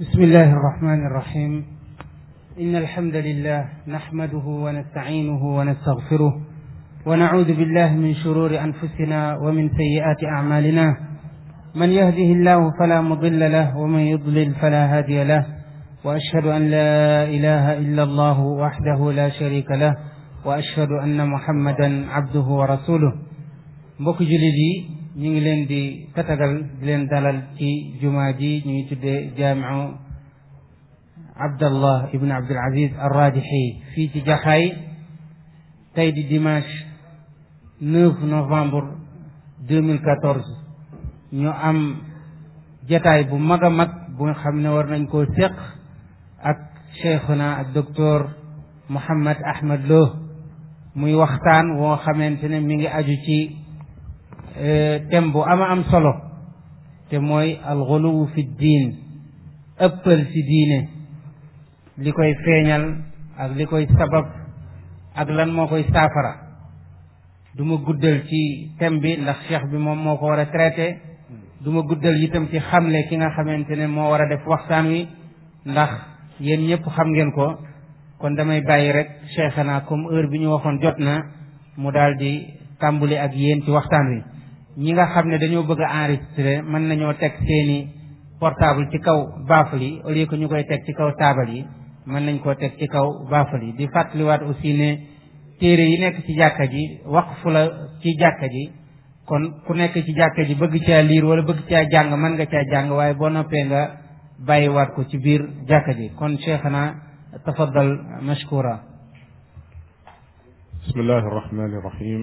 بسم الله الرحمن الرحيم إن الحمد لله نحمده ونستعينه ونستغفره ونعوذ بالله من شرور أنفسنا ومن سيئات أعمالنا من يهده الله فلا مضل له ومن يضلل فلا هادي له وأشهد أن لا إله إلا الله وحده لا شريك له وأشهد أن محمدا عبده ورسوله mbokk jullit yi ñu ngi leen di tatagal di leen dalal ci jumaa ji ñu ngi tuddee jaamiu abdallah ibn abdul aziz arrajixi fii ci jaxaay tey di dimanche 9 novembre 2014 ñu am jataay bu mag a mag bu nga xam ne war nañ koo séq ak cheikhuna ak docteur Mouhammad Ahmad Lo muy waxtaan woo xamante ne mi ngi aju ci Euh, thème bu ama am solo te mooy alxuluwu fi diin ëppal ci diine li koy feeñal ak li koy sabab ak lan moo koy saafara duma guddal ci thème bi ndax cheikh bi moom moo ko war a traité du ma guddal itam ci xam xamle ki nga xamante ne moo war a def waxtaan wi ndax yéen ñëpp xam ngeen ko kon damay bàyyi rek cheikh naa comme heure bi ñu waxoon jot na mu daal di tàmbali ak yéen ci waxtaan wi ñi nga xam ne dañoo bëgg a enregistrer mën nañoo teg seeni portable ci kaw baafal yi au lieu ñu koy teg ci kaw taabal yi mën nañ koo teg ci kaw baafal yi di fàttaliwaat aussi ne téere yi nekk ci jàkka ji waqfu la ci jàkka ji kon ku nekk ci jàkka ji bëgg caa liir wala bëgg caa jàng man nga caa jàng waaye boo noppee nga bàyyiwaat ko ci biir jàkka ji kon cheikhana tafaddal mashkura bismillahi rahmani rahim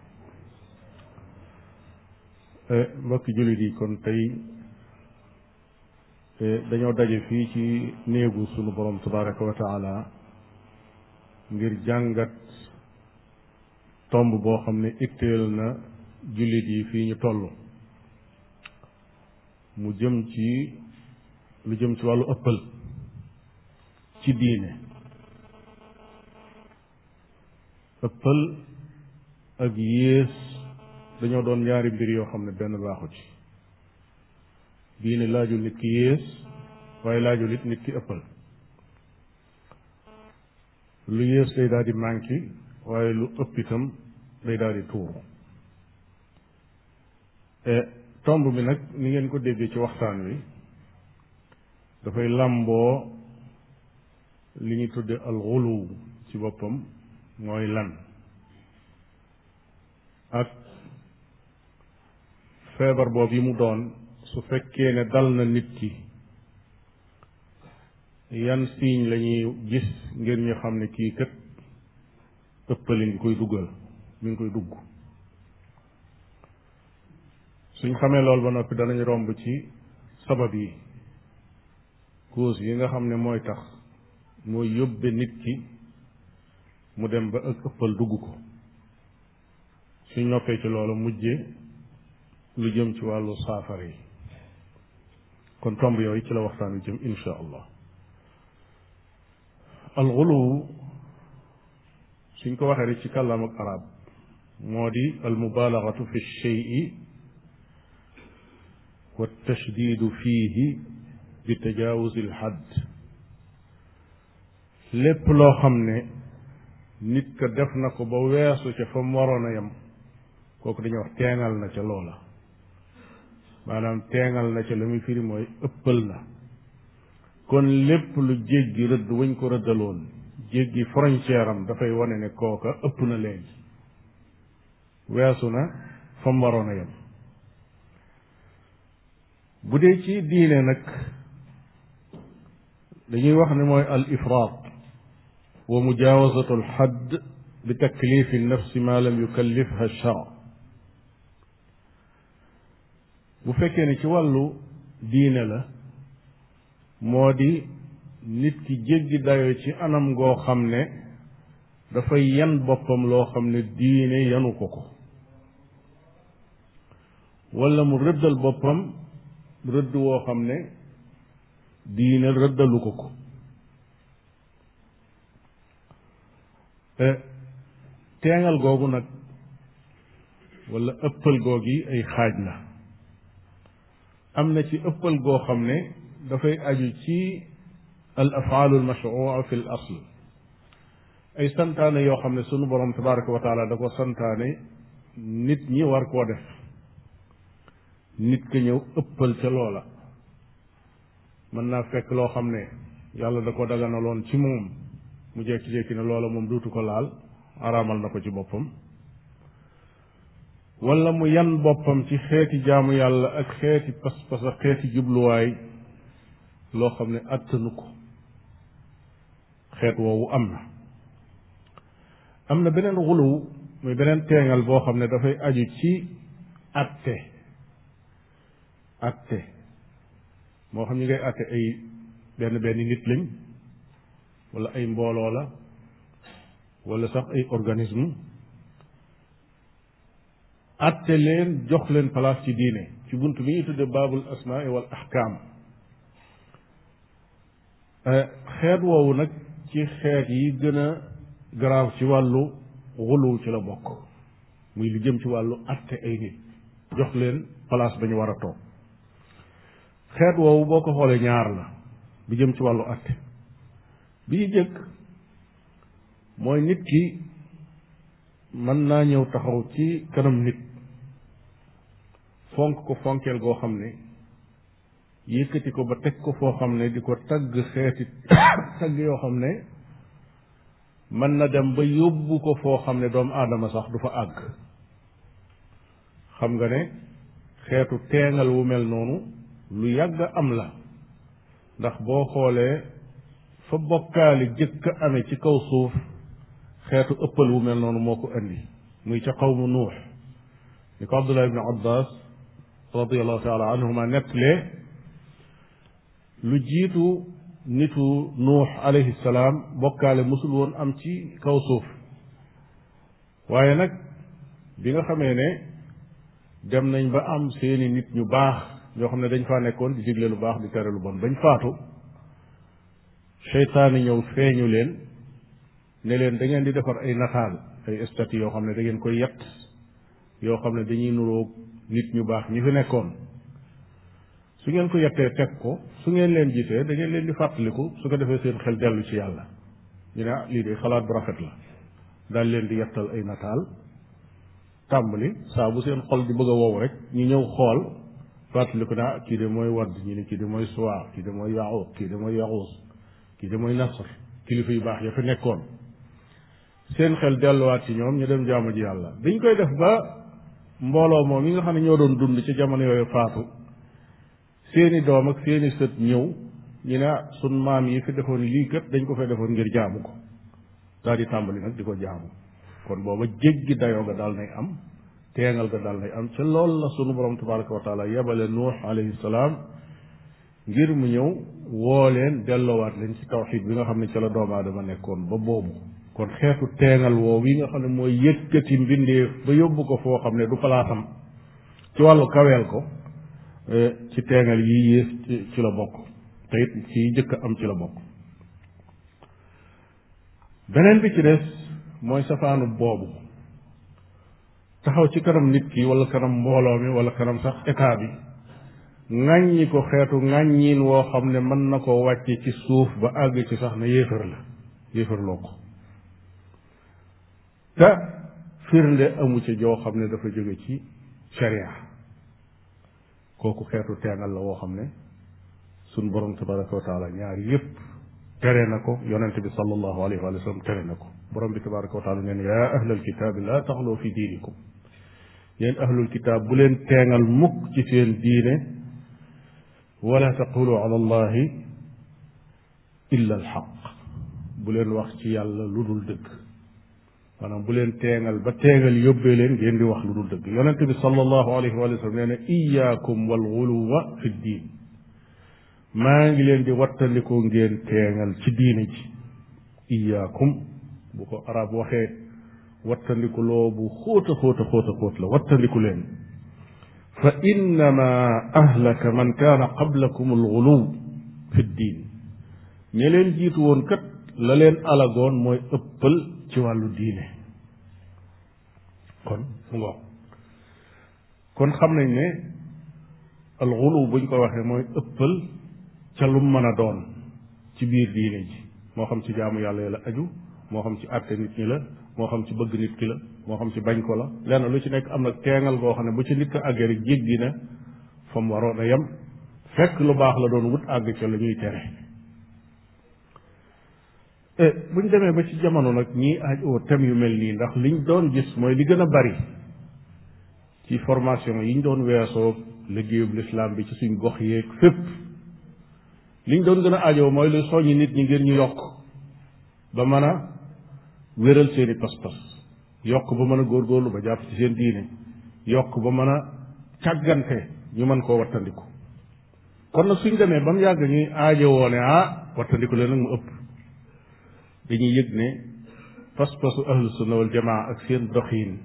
Eh, mbokki jullit yi kon tey eh, dañoo daje fii ci néegu sunu borom tabaraka wa ngir jàngat tomb boo xam ne itteel na jullit yi fii ñu toll mu jëm ci lu jëm ci wàllu ëppal ci diine ëppal ak yées dañoo doon ñaari mbir yoo xam ne benn baaxu ci diine laajul nit ki yées waaye laajul it nit ki ëppal lu yées day daal di waaye lu ëpp itam day daal tuuru e, tomb bi nag ni ngeen ko déggee ci waxtaan wi dafay làmboo li ñu tudde alxulu ci boppam mooy lan ak feebar boob yi mu doon su fekkee ne dal na nit ki yan signe lañuy gis ngir ñu xam ne kii kat ëppale ngi koy duggal mi ngi koy dugg suñ xamee lool ba noppi danañ romb ci sabab yi cause yi nga xam ne mooy tax mooy yóbbe nit ki mu dem ba ak ëppal dugg ko suñ noppee ci loolu mujje lu jëm ci wàllu saafara yi kon tomb yooyu ci la waxtaan wi jëm in allah alxuluw suñ ko waxee rek ci kàllaam ak arab moo di almubalagatu fi lcheyi wa tashdidu fiihi bi tajawusi alxadd lépp loo xam ne nit ka def na ko ba weesu ca fa mu waroon a yem kooku dañuy wax teengal na ca loola maanaam teengal na ca la muy firi mooy ëppal na kon lépp lu jéggi rëdd wañ ko rëddaloon jéggi frontière am dafay wane ne kooka ëpp na léegi weesu na fam waroon a yem bu dee ci diine nag dañuy wax ne mooy al ifraat wa mujaawazatu al xadd bi taklifi nafsi ma lam yukallifha shar bu fekkee ne ci wàllu diine la moo di nit ki jéggi dayo ci anam goo xam ne dafay yan boppam loo xam ne diine yanu ko ko wala mu rëddal boppam rëdd woo xam ne diine rëddalu ko ko e, teengal googu nag wala ëppal googi ay xaaj la am na ci ëppal goo xam ne dafay aju ci al afaalu al mashrua fi l ay santaane yoo xam ne sunu borom tabaraka wa taala da ko santaane nit ñi war koo def nit ka ñëw ëppal ca loola mën naa fekk loo xam ne yàlla da ko daganaloon ci moom mu jekki-jekki ne loola moom duutu ko laal araamal na ko ci boppam wala mu yan boppam ci xeeti jaamu yàlla ak xeeti pas-pas ak xeeti jubluwaay loo xam ne àttanu ko xeet woowu am na am na beneen xuluw muy beneen teengal boo xam ne dafay aju ci atte atte moo xam ñi ngay atte ay benn benn nit lañ wala ay mbooloo la wala sax ay organisme atte leen jox leen place ci diine ci bunt bi ñuy tudde baabul asmaa wal ahkaam eh, xeet woowu nag ci xeet yi gën a ci wàllu xuluw ci la bokk muy li jëm ci wàllu atte ay nit jox leen place ba ñu war a toog xeet woowu boo ko xoolee ñaar la bi jëm ci wàllu atte bi ñu jëkk mooy nit ki mën naa ñëw taxaw ci kanam nit fonk ko fonkeel goo xam ne yëkkati ko ba teg ko foo xam ne di ko tagg xeeti tagg yoo xam ne mën na dem ba yóbbu ko foo xam ne doomu aadama sax du fa àgg xam nga ne xeetu teengal wu mel noonu lu yàgg am la ndax boo xoolee fa bokkaali jëkk ame ci kaw suuf xeetu ëppal wu mel noonu moo ko indi muy ca xawmu nuux ni ko abdullah ibne abbas radiallahu taala anhuma nettalee lu jiitu nitu nuux alayhi salaam bokkaale musul woon am ci kaw suuf waaye nag bi nga xamee ne dem nañ ba am seeni nit ñu baax ñoo xam ne dañ faa nekkoon di digle lu baax di tere lu bon bañ faatu seytaani ñëw feeñu leen ne leen da ngeen di defar ay nataal ay statue yoo xam ne dangeen ngeen koy yett yoo xam ne dañuy nuroog nit ñu baax ñu fi nekkoon su ngeen ko yettee teg ko su ngeen leen jiitee dangeen leen di fàttaliku su ko defee seen xel dellu ci yàlla ñu ne ah, lii de xalaat bu rafet la daal leen di yettal ay nataal tàmbali saabu seen xol di bëgg a wow rek ñu ñëw xool fàttaliku ne ah kii de mooy wadd ñu ne kii de mooy suwaa kii de mooy yaquq kii de mooy yaxuus kii de mooy nasr kilifa yu baax ya nekkoon seen xel delluwaat ci ñoom ñu dem jaamu ji yàlla biñ koy def ba mbooloo moom yi nga xam ne ñoo doon dund ci jamono yooyu faatu seeni doom ak seeni sët ñëw ñu ne sun maam yi fi defoon lii kat dañ ko fay defoon ngir jaamu ko daal di tàmbali nag di ko jaamu kon booba jéggi dayoo nga daal nay am teengal nga daal nay am ca lool la sunu borom tabaraka wa taala yebale nuux alayhi salaam ngir mu ñëw woo leen delloowaat leen ci tawxid bi nga xam ne ca la doomu aadama nekkoon ba boobu kon xeetu teengal woow yi nga xam ne mooy yëkkati mbindeef ba yóbbu ko foo xam ne du palaasam ci wàllu kaweel ko e, ci teengal yi yées ci la bokk te it ci jëkk am ci la bokk beneen bi ci des mooy safaanu boobu taxaw ci kanam nit ki wala kanam mbooloo mi wala kanam sax état bi ŋàññi ko xeetu ŋàññiin woo xam ne mën na ko wàcce ci suuf ba àgg ci sax na yéefar la yéefarloo ko te firnde amu ca xam ne dafa jóge ci sharia kooku xeetu la woo xam ne sun borom tabaraka wa taala ñaar yépp tere na ko yonent bi sallallahu alayhi wa sallam tere na ko borom bi tabaraka wa taala yaa ahlal kitaab laa taxloo fi diinikum yéen ahlul kitaab bu leen teengal mukk ci seen diine wala taqulu ala illa alxaq bu wax ci yàlla lu dul dëgg maanaam bu leen teengal ba teengal yóbbee leen di wax lu dul dëgg yonente bi sallallahu alayhi wa sallam nee na iyaakum fi diin maa ngi leen ngeen teengal ci diine ji iyaakum bu ko arab waxee wattandiku loo bu xóota xóota leen fa innama ahlaka man kaana qablakum al guluw fi diin ñe leen jiitu kat la leen alagoon mooy ëppal ci wàllu diine kon mu ngoog kon xam nañ ne alxulu buñ ko waxee mooy ëppal ca lu mën a doon ci biir diine ji moo xam ci jaamu yàlla yi la aju moo xam ci àtte nit ñi la moo xam ci bëgg nit ki la moo xam ci bañ ko la lenn lu ci nekk am na teengal goo xam ne bu ci nit ko àggee rek na fa mu waroon a yem fekk lu baax la doon wut àgg ca la ñuy tere Eh, bu ñu demee ba ci jamono nag ñii aajoo thème yu mel nii ndax liñ doon gis mooy li gën a bari ci formation yi ñu doon weesoo liggéeyub lislaam bi ci suñ gox yeeg fépp liñ doon gën a aajoo mooy lu soññi nit ñi ngir ñu yokk ba mën a wéral seeni pas-pas yokk ba mën a góor góorlu ba jàpp ci seen diine yokk ba mën a càggante ñu mën koo wattandiku kon nag suñ demee ba mu yàgg ñuy aajowoo ne ah wattandiku leen nag mu ëpp dañuy yëg ne pas-pasu ahlu sunna wal jamaa ak seen doxiin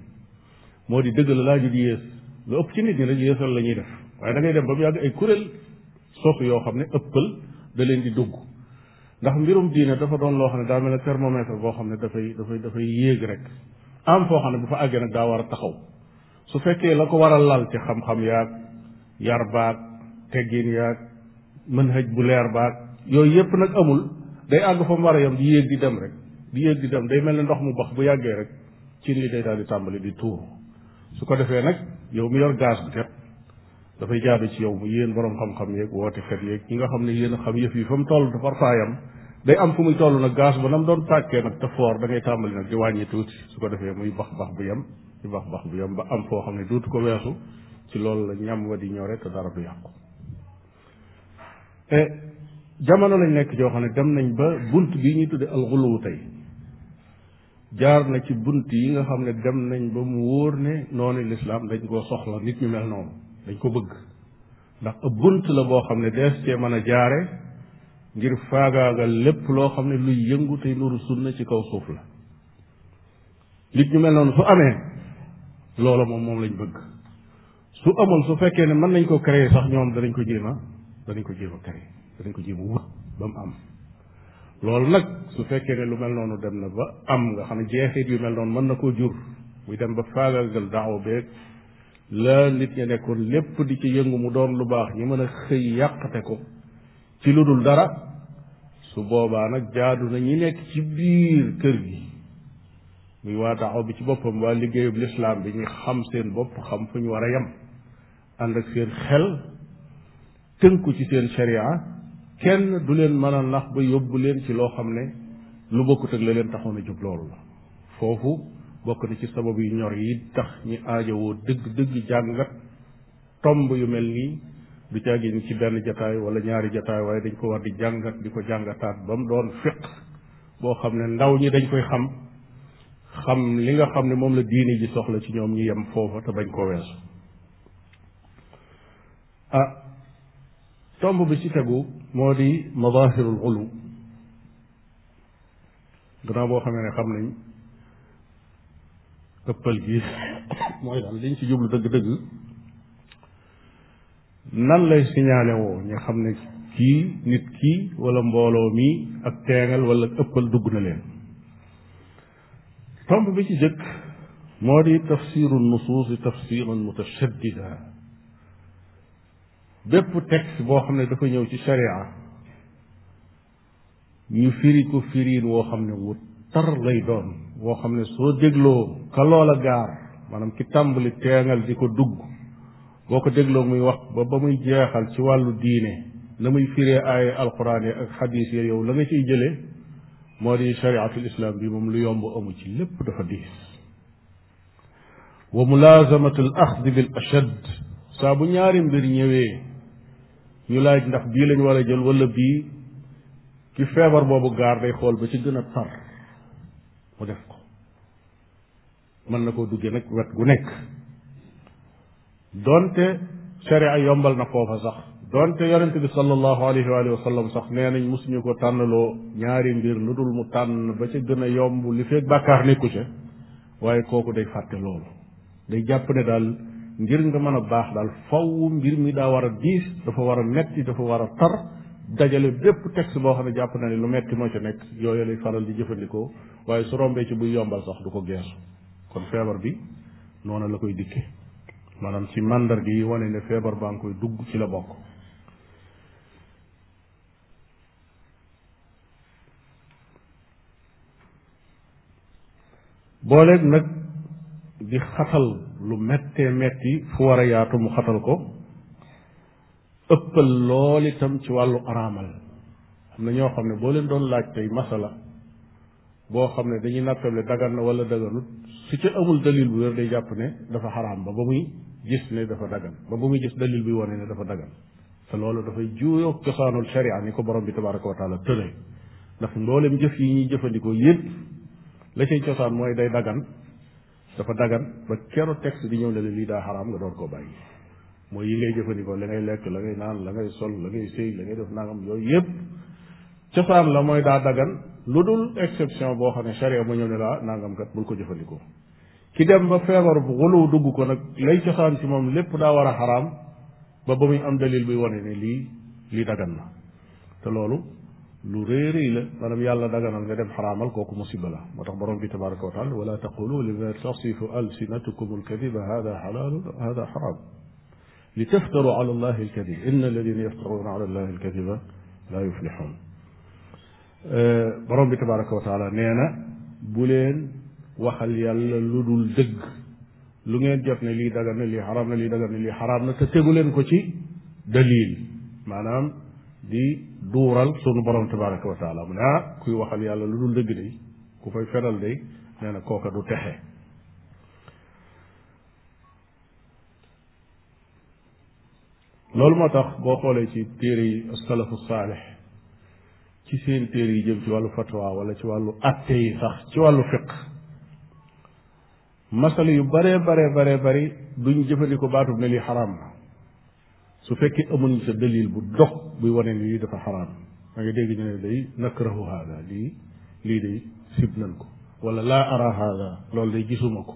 moo di dëgg la laa ñu di yées lu ëpp ci nit ñi rek yéesal la ñuy def waaye dangay dem ba mu yàgg ay kuréel sosu yoo xam ne ëppal da leen di dugg ndax mbirum diine dafa doon loo xam ne daa mel na thermomètre boo xam ne dafay dafay dafay yéeg rek am foo xam ne bu fa àggee nag daa war a taxaw su fekkee la ko waral lal ci xam-xam yaag yar baag teggin yaag mën hëj bu leer baag yooyu yépp nag amul day àgg fa mu war a yem di yéeg di dem rek di yéeg di dem day mel ne ndox mu bax bu yàggee rek cin li day daal di tàmbali di tuuru su ko defee nag yow mi yor gaz bi kat dafay jaadu ci yow mu yéen borom xam-xam yeeg wootekat yeeg ñi nga xam ne yéen a xam yëf yi fa mu toll dafa faayam day am fu muy toll nag gaz ba na mu doon tàkkee nag te foor da ngay tàmbali nag di wàññi tuuti su ko defee muy bax bax bu yem di bax bax bu yem ba am foo xam ne duutu ko weesu ci loolu la ñam wa di ñore te dara du yàqu eh, jamono lañ nekk joo xam ne dem nañ ba bunt bi ñuy tudde alxuluwu tey jaar na ci bunt yi nga xam ne dem nañ ba mu wóor ne noonu lislaam dañ koo soxla nit ñu mel noonu dañ ko bëgg ndax bunt la boo xam ne dees cee mën a jaare ngir faagaagal lépp loo xam ne luy yëngu tey nuru ci kaw suuf la nit ñu mel noonu su amee loola moom moom lañ bëgg su amul su fekkee ne mën nañ ko créer sax ñoom danañ ko jéem a danañ ko jéem a créer danañ ko jéem wut ba mu am loolu nag su fekkee ne lu mel noonu dem na ba am nga xam ne jeexit yu mel noonu mën na koo jur muy dem ba faagaagal daaw beeg la nit ña nekkoon lépp di ci yëngu mu doon lu baax ñi mën a xëy yàqate ko ci lu dul dara su boobaa nag jaadu na ñi nekk ci biir kër gi muy waa daaw bi ci boppam waa liggéeyub lislaam bi ñu xam seen bopp xam fu ñu war a yem ànd ak seen xel tënku ci seen sharia kenn du leen mën a nax ba yóbbu leen ci loo xam ne lu bokkut ak la leen taxoon a jub loolu la foofu bokk na ci sabab yu ñor yi tax ñu aajowoo dëgg dëgg jàngat tomb yu mel nii bi caagin ci benn jataay wala ñaari jataay waaye dañ ko war di jàngat di ko jàngataat ba mu doon fiq boo xam ne ndaw ñi dañ koy xam xam li nga xam ne moom la diine ji soxla ci ñoom ñu yem foofa te bañ koo weesu ah, tomb bi ci tegu moo di madahirul ulu gannaaw boo xamee ne xam nañ ëppal gi mooy daal liñ ci jublu dëgg-dëgg nan lay signalé woo ñu xam ne kii nit kii wala mbooloo mi ak teengal wala ëppal dugg na leen tomb bi ci jëkk moo di tafsiru nusuusi tafsiran mutachaddida bépp texte boo xam ne dafa ñëw ci sharia ñu firi ko firiin woo xam ne wu lay doon woo xam ne soo dégloo kaloola loola gaar maanaam ki tàmbali teengal di ko dugg boo ko dégloo muy wax ba ba muy jeexal ci wàllu diine na muy firee ay alquran ak xadiis yi yow la nga ciy jëlee moo di shariatul islam bi moom lu yomb amu ci lépp dafa diis wa mulazamatu al axdi ashad saa bu ñaari mbir ñëwee ñu laaj ndax bii lañ war a jël wala bii ki feebar boobu gaar day xool ba ci gën a tar mu def ko mën na koo duggee nag wet gu nekk donte sharia yombal na foofa sax donte yonente bi sallallahu alayhi wa sallam sax nee nañ mosuñu ko tànnaloo ñaari mbir lu dul mu tànn ba ca gën a yomb li feeg bàkkaar nekku ca waaye kooku day fàtte loolu day jàpp ne daal ngir nga mën a baax daal faw mbir mi daa war a diis dafa war a metti dafa war a tar dajale bépp texte boo xam ne jàpp na ne lu metti moo ci nekk yooyu lay faral di jëfandikoo waaye su rombee ci buy yombal sax du ko geesu kon feebar bi noonu la koy dikke maanaam ci màndarga yi wane ne feebar baa ngi koy dugg ci la bokk booleeg nag di xatal lu mettee metti fu war a yaatu mu xatal ko ëppal lool itam ci wàllu araamal am na ñoo xam ne boo leen doon laaj tey masala boo xam ne dañuy nattable dagan na wala daganut su ci amul dalil bu wér day jàpp ne dafa xaraam ba ba muy gis ne dafa dagan ba ba muy gis dalil bi wane ne dafa dagan te loolu dafay juuyoo cosaanul sharia ni ko borom bi tabaraka wa taala ndax mboolem jëf yi ñuy jëfandikoo yépp la cay cosaan mooy day dagan dafa daggan ba kero text di ñëw ne la lii daa xaraam nga door koo bàyyi mooy yi ngay jëfandikoo la ngay lekk la ngay naan la ngay sol la ngay sëy la ngay def nangam yooyu yëpp cosaan la mooy daa daggan lu dul exception boo xam ne charia ma ñëw ne laa nangam kat bul ko jëfandikoo ki dem ba feebar bu wolow dugg ko nag lay cosaan ci moom lépp daa war a xaraam ba ba muy am dalil buy wane ne lii lii dagan na te loolu lu rëy rëy la maanaam yàlla daganal nga dem xaraamal kooku musiba la moo tax borom bi tabaraka wa taala wala taqulu lima tasifu alsinatukum alkadiba hada xalaalu hada xaraam li taftaru ala allahi alkadib in alladina yaftaruna ala allahi alkadiba la yuflixun borom bi tabaraka wa taala nee na bu leen waxal yàlla lu dul dëgg lu ngeen jot ne lii dagan na lii xaraam na lii dagan na lii na te tegu leen ko ci dalil di duural sunu borom tabaraka wa taala mu ne ah kuy waxal yàlla lu dul dëgg day ku fay feral day nee na kooka du texe loolu moo tax boo xoolee ci téere yi salafu saalix ci seen téere yi jëm ci wàllu fatwa wala ci wàllu atte yi sax ci wàllu fiq masala yu bare bare bare bari duñ jëfandikoo baatub ne lii su fekkee amul sa dalil bu dox buy wane lii dafa xaraam da nga dégg ñu ne day nakrahu haada lii lii day sib nan ko wala laa ara haada loolu day gisuma ko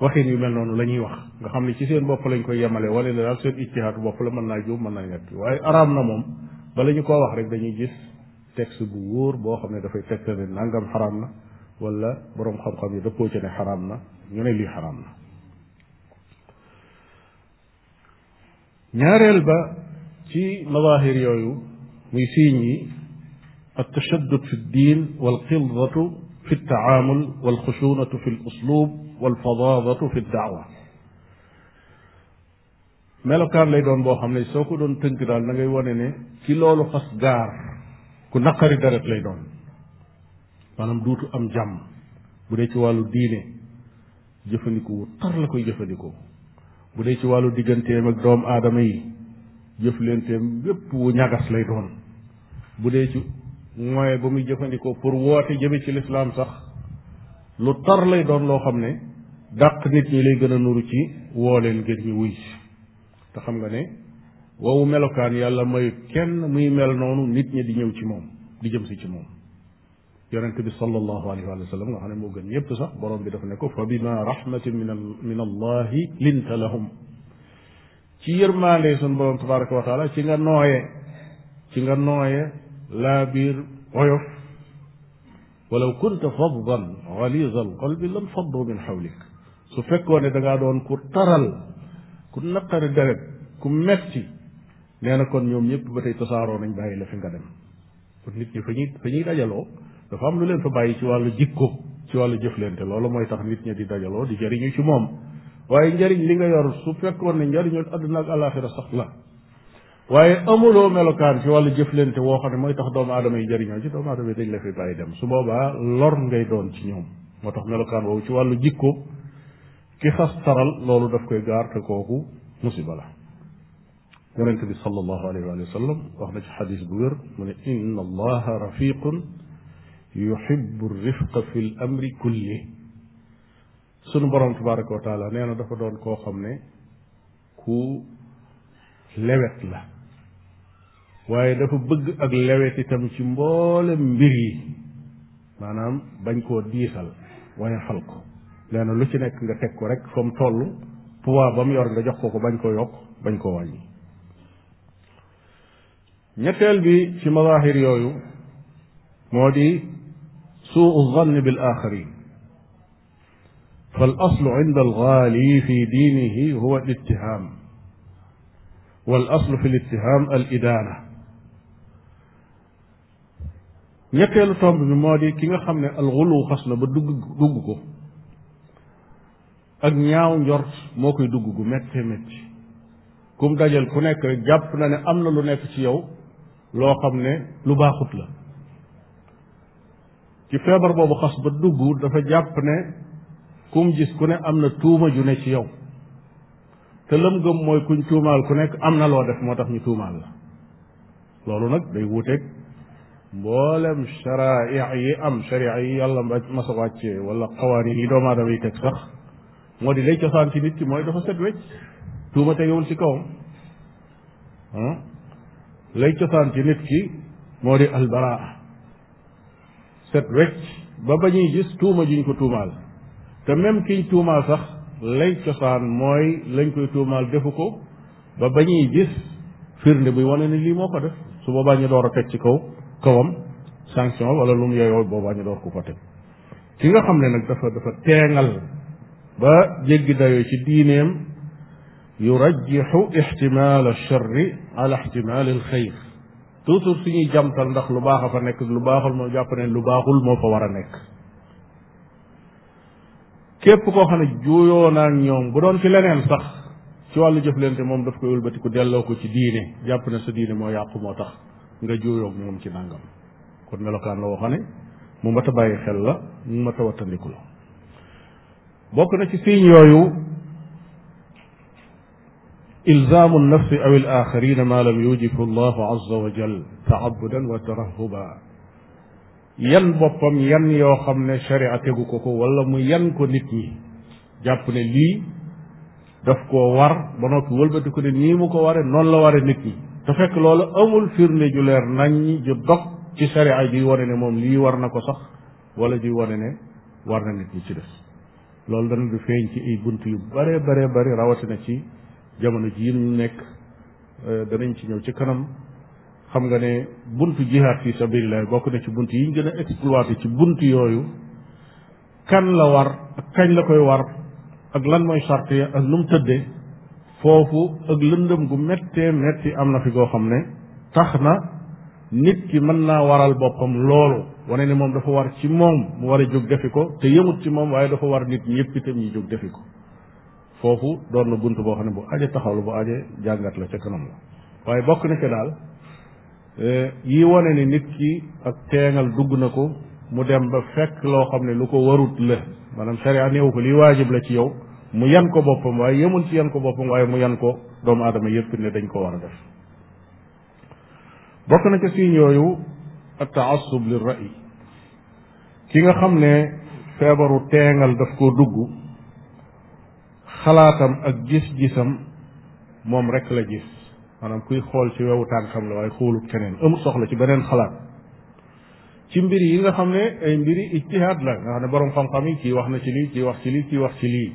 waxin yu mel noonu la ñuy wax nga xam ne ci seen bopp lañ koy yemale wane ne daal seen ijtihaatu bopp la mën naa juum mën naa ñett waaye araam na moom bala ñu koo wax rek dañuy gis texte bu wóor boo xam ne dafay tegtal ne nangam xaraam na walla boroom xam-xam yi dëppoo ci ne xaraam na ñu ne lii xaraam ñaareel ba ci mazahir yooyu muy siiñ yi al tashaddud fi ddin walxildatu fi ltaamul walxushunatu fi luslub walfadaadatu fi ldaawa melokaan lay doon boo xam ne soo ko doon tënk daal da ngay wane ne ci loolu fas gaar ku naqari deret lay doon maanaam duutu am jàmm bu dee ci wàllu diine jëfandikoo tar la koy jëfandikoo bu dee ci wàllu digganteem ak doomu aadama yi jëflanteem lépp wu ñagas lay doon bu dee ci moyen ba muy jëfandikoo pour woote jëme ci lislaam sax lu tar lay doon loo xam ne dàq nit ñi lay gën a nuru ci woo leen ngir ñu wuy si te xam nga ne wowu melokaan yàlla mayut kenn muy mel noonu nit ñi di ñëw ci moom di jëm ci moom yonent bi sallallahu alayhi wa sallam nga xam ne moo gën ñëpp sax borom bi dafa ne ko fa bima rahmatin min min allahi linta lahum ci yërmaande sun borom tabaraka wa taala ci nga nooye ci nga nooye laa biir oyof walaw kunta faddan galiza alqalbi lan faddu min xawlik su fekkoo ne da ngaa doon ku taral ku naqari deret ku metti nee kon ñoom ñëpp ba tey tasaaroo nañ bàyyi fi nga dem nit ñi fa ñuy fa dafa am lu leen fa bàyyi ci wàllu jikko ci wàllu jëflante loolu mooy tax nit ñi di dajaloo di jëriñu ci moom waaye njariñ li nga yor su fekkoon ne njariñu àdduna ak a sax la waaye amuloo melokaan ci wàllu jëflante woo xam ne mooy tax doomu aadama yi jëriñoo ci doomu aadama yi dañ la fi bàyyi dem su boobaa lor ngay doon ci ñoom moo tax melokaan woowu ci wàllu jikko ki xas taral loolu daf koy gaar te kooku musiba la yonente bi sallallahu alayhi wa sallam wax na ci xadis bu wér mu ne yuhibbu rifqa fi l amri kulli sunu borom tabaraka wa taala na dafa doon koo xam ne ku lewet la waaye dafa bëgg ak lewet itam ci mboolem mbir yi maanaam bañ koo diisal woyofal ko nee lu ci nekk nga teg ko rek fa mu toll poids ba mu yor nga jox ko ko bañ koo yokk bañ koo wàññi ñetteel bi ci mazahir yooyu moo di suu zanni bil axarin fal aslu inda algaali fi diinihi huwa al ittiham wal fi l al idaana ñetteelu tomb bi moo ki nga xam ne alxulu xas na ba dugg dugg ko ak ñaaw njort moo koy dugg gu méttee kum dajal ku nekk rek jàpp na ne am na lu nekk ci yow loo xam ne lu baaxut la ci feebar boobu xas ba duggu dafa jàpp ne kum gis ku ne am na tuuma ju ne ci yow te lëm gëm mooy kuñ tuumaal ku nekk am na loo def moo tax ñu tuumaal la loolu nag day wuuteeg mboolem sharaa am sharia yi yàlla mas a wàcce wala xawaani yi doomu aadama yi teg sax moo di lay cosaan ci nit ki mooy dafa set wecc tuuma tegewul ci kawam hmm? lay cosaan ci nit ki moo di albaraa set wecc ba ba ñuy gis tuuma juñ ko tuumaal te même kiñ tuumaal sax lay cosaan mooy lañ koy tuumaal defu ko ba ba ñuy gis firnde buy wane ni lii moo ko def su boobaa ñu door a teg ci kaw kawam sanction wala lu mu yeyoo boobaa ñu door ko ko teg ki nga xam ne nag dafa dafa teengal ba jéggi dayoo ci diineem yurajjixu ixtimaal alcharri ala ixtimaal alxayr toujours fi ñuy jamtal ndax lu baax a fa nekk lu baaxul moo jàpp ne lu baaxul moo fa war a nekk képp koo xam ne juuyoo naa ñoom bu doon ci leneen sax ci wàllu jëflante moom daf koy wëlbatiku delloo ko ci diine jàpp ne sa diine moo yàqu moo tax nga juuyoog moom ci nàngam kon melokaan la woo xam ne mu mat a bàyyi xel la mu mat a wattandiku la bokk na ci siiñ yooyu ilzaamu nafsi aw il axarina maa lam yujibu allahu azza wa jal taabudan wa tarahuba yan boppam yan yoo xam ne sharia tegu ko ko wala mu yan ko nit ñi jàpp ne lii daf koo war ba noppi wëlbati ko ne nii mu ko ware noonu la ware nit ñi te fekk loolu amul firnde ju leer nañ ju dog ci sharia juy wane ne moom lii war na ko sax wala juy wane ne war na nit ñi ci des loolu dana du feeñ ci ay bunt yu bare bare bari rawatina ci jamono jii ñu nekk euh, danañ ci ñëw ci kanam xam nga ne buntu jihaad fi sabilillah bokk na ci bunt yi ñu gën a exploité ci bunt yooyu kan la war ak kañ la koy war ak lan mooy charte ya ak nu mu tëddee foofu ak lëndëm gu méttee métti am na fi goo xam ne tax na nit ki mën naa waral boppam loolu wane ne moom dafa war ci moom mu war a jóg defi ko te yëmut ci moom waaye dafa war nit ñëpp itam ñu jóg defi ko foofu doon na bunt boo xam ne bu aje taxaw la bu aje jàngat la ca kanam la waaye bokk na ca daal eh, yi wane ni nit ki ak teengal dugg na ko mu dem ba fekk loo xam ne lu ko warut la maanaam sharia néewu ko lii waajib la ci yow mu yan ko boppam waaye yemul ci yan ko boppam waaye mu yan ko doomu aadama yëpp ne dañ ko war a def bokk na ca siiñ yooyu ak taassub li ray ki nga xam ne feebaru teengal daf koo dugg xalaatam ak gis-gisam moom rek la gis maanaam kuy xool ci wewu tànkam la waaye xoolub keneen amul soxla ci beneen xalaat ci mbir yi nga xam ne ay mbiri ijtihaad la nga xam ne borom xam-xam yi ci wax na ci lii ci wax ci lii kii wax ci lii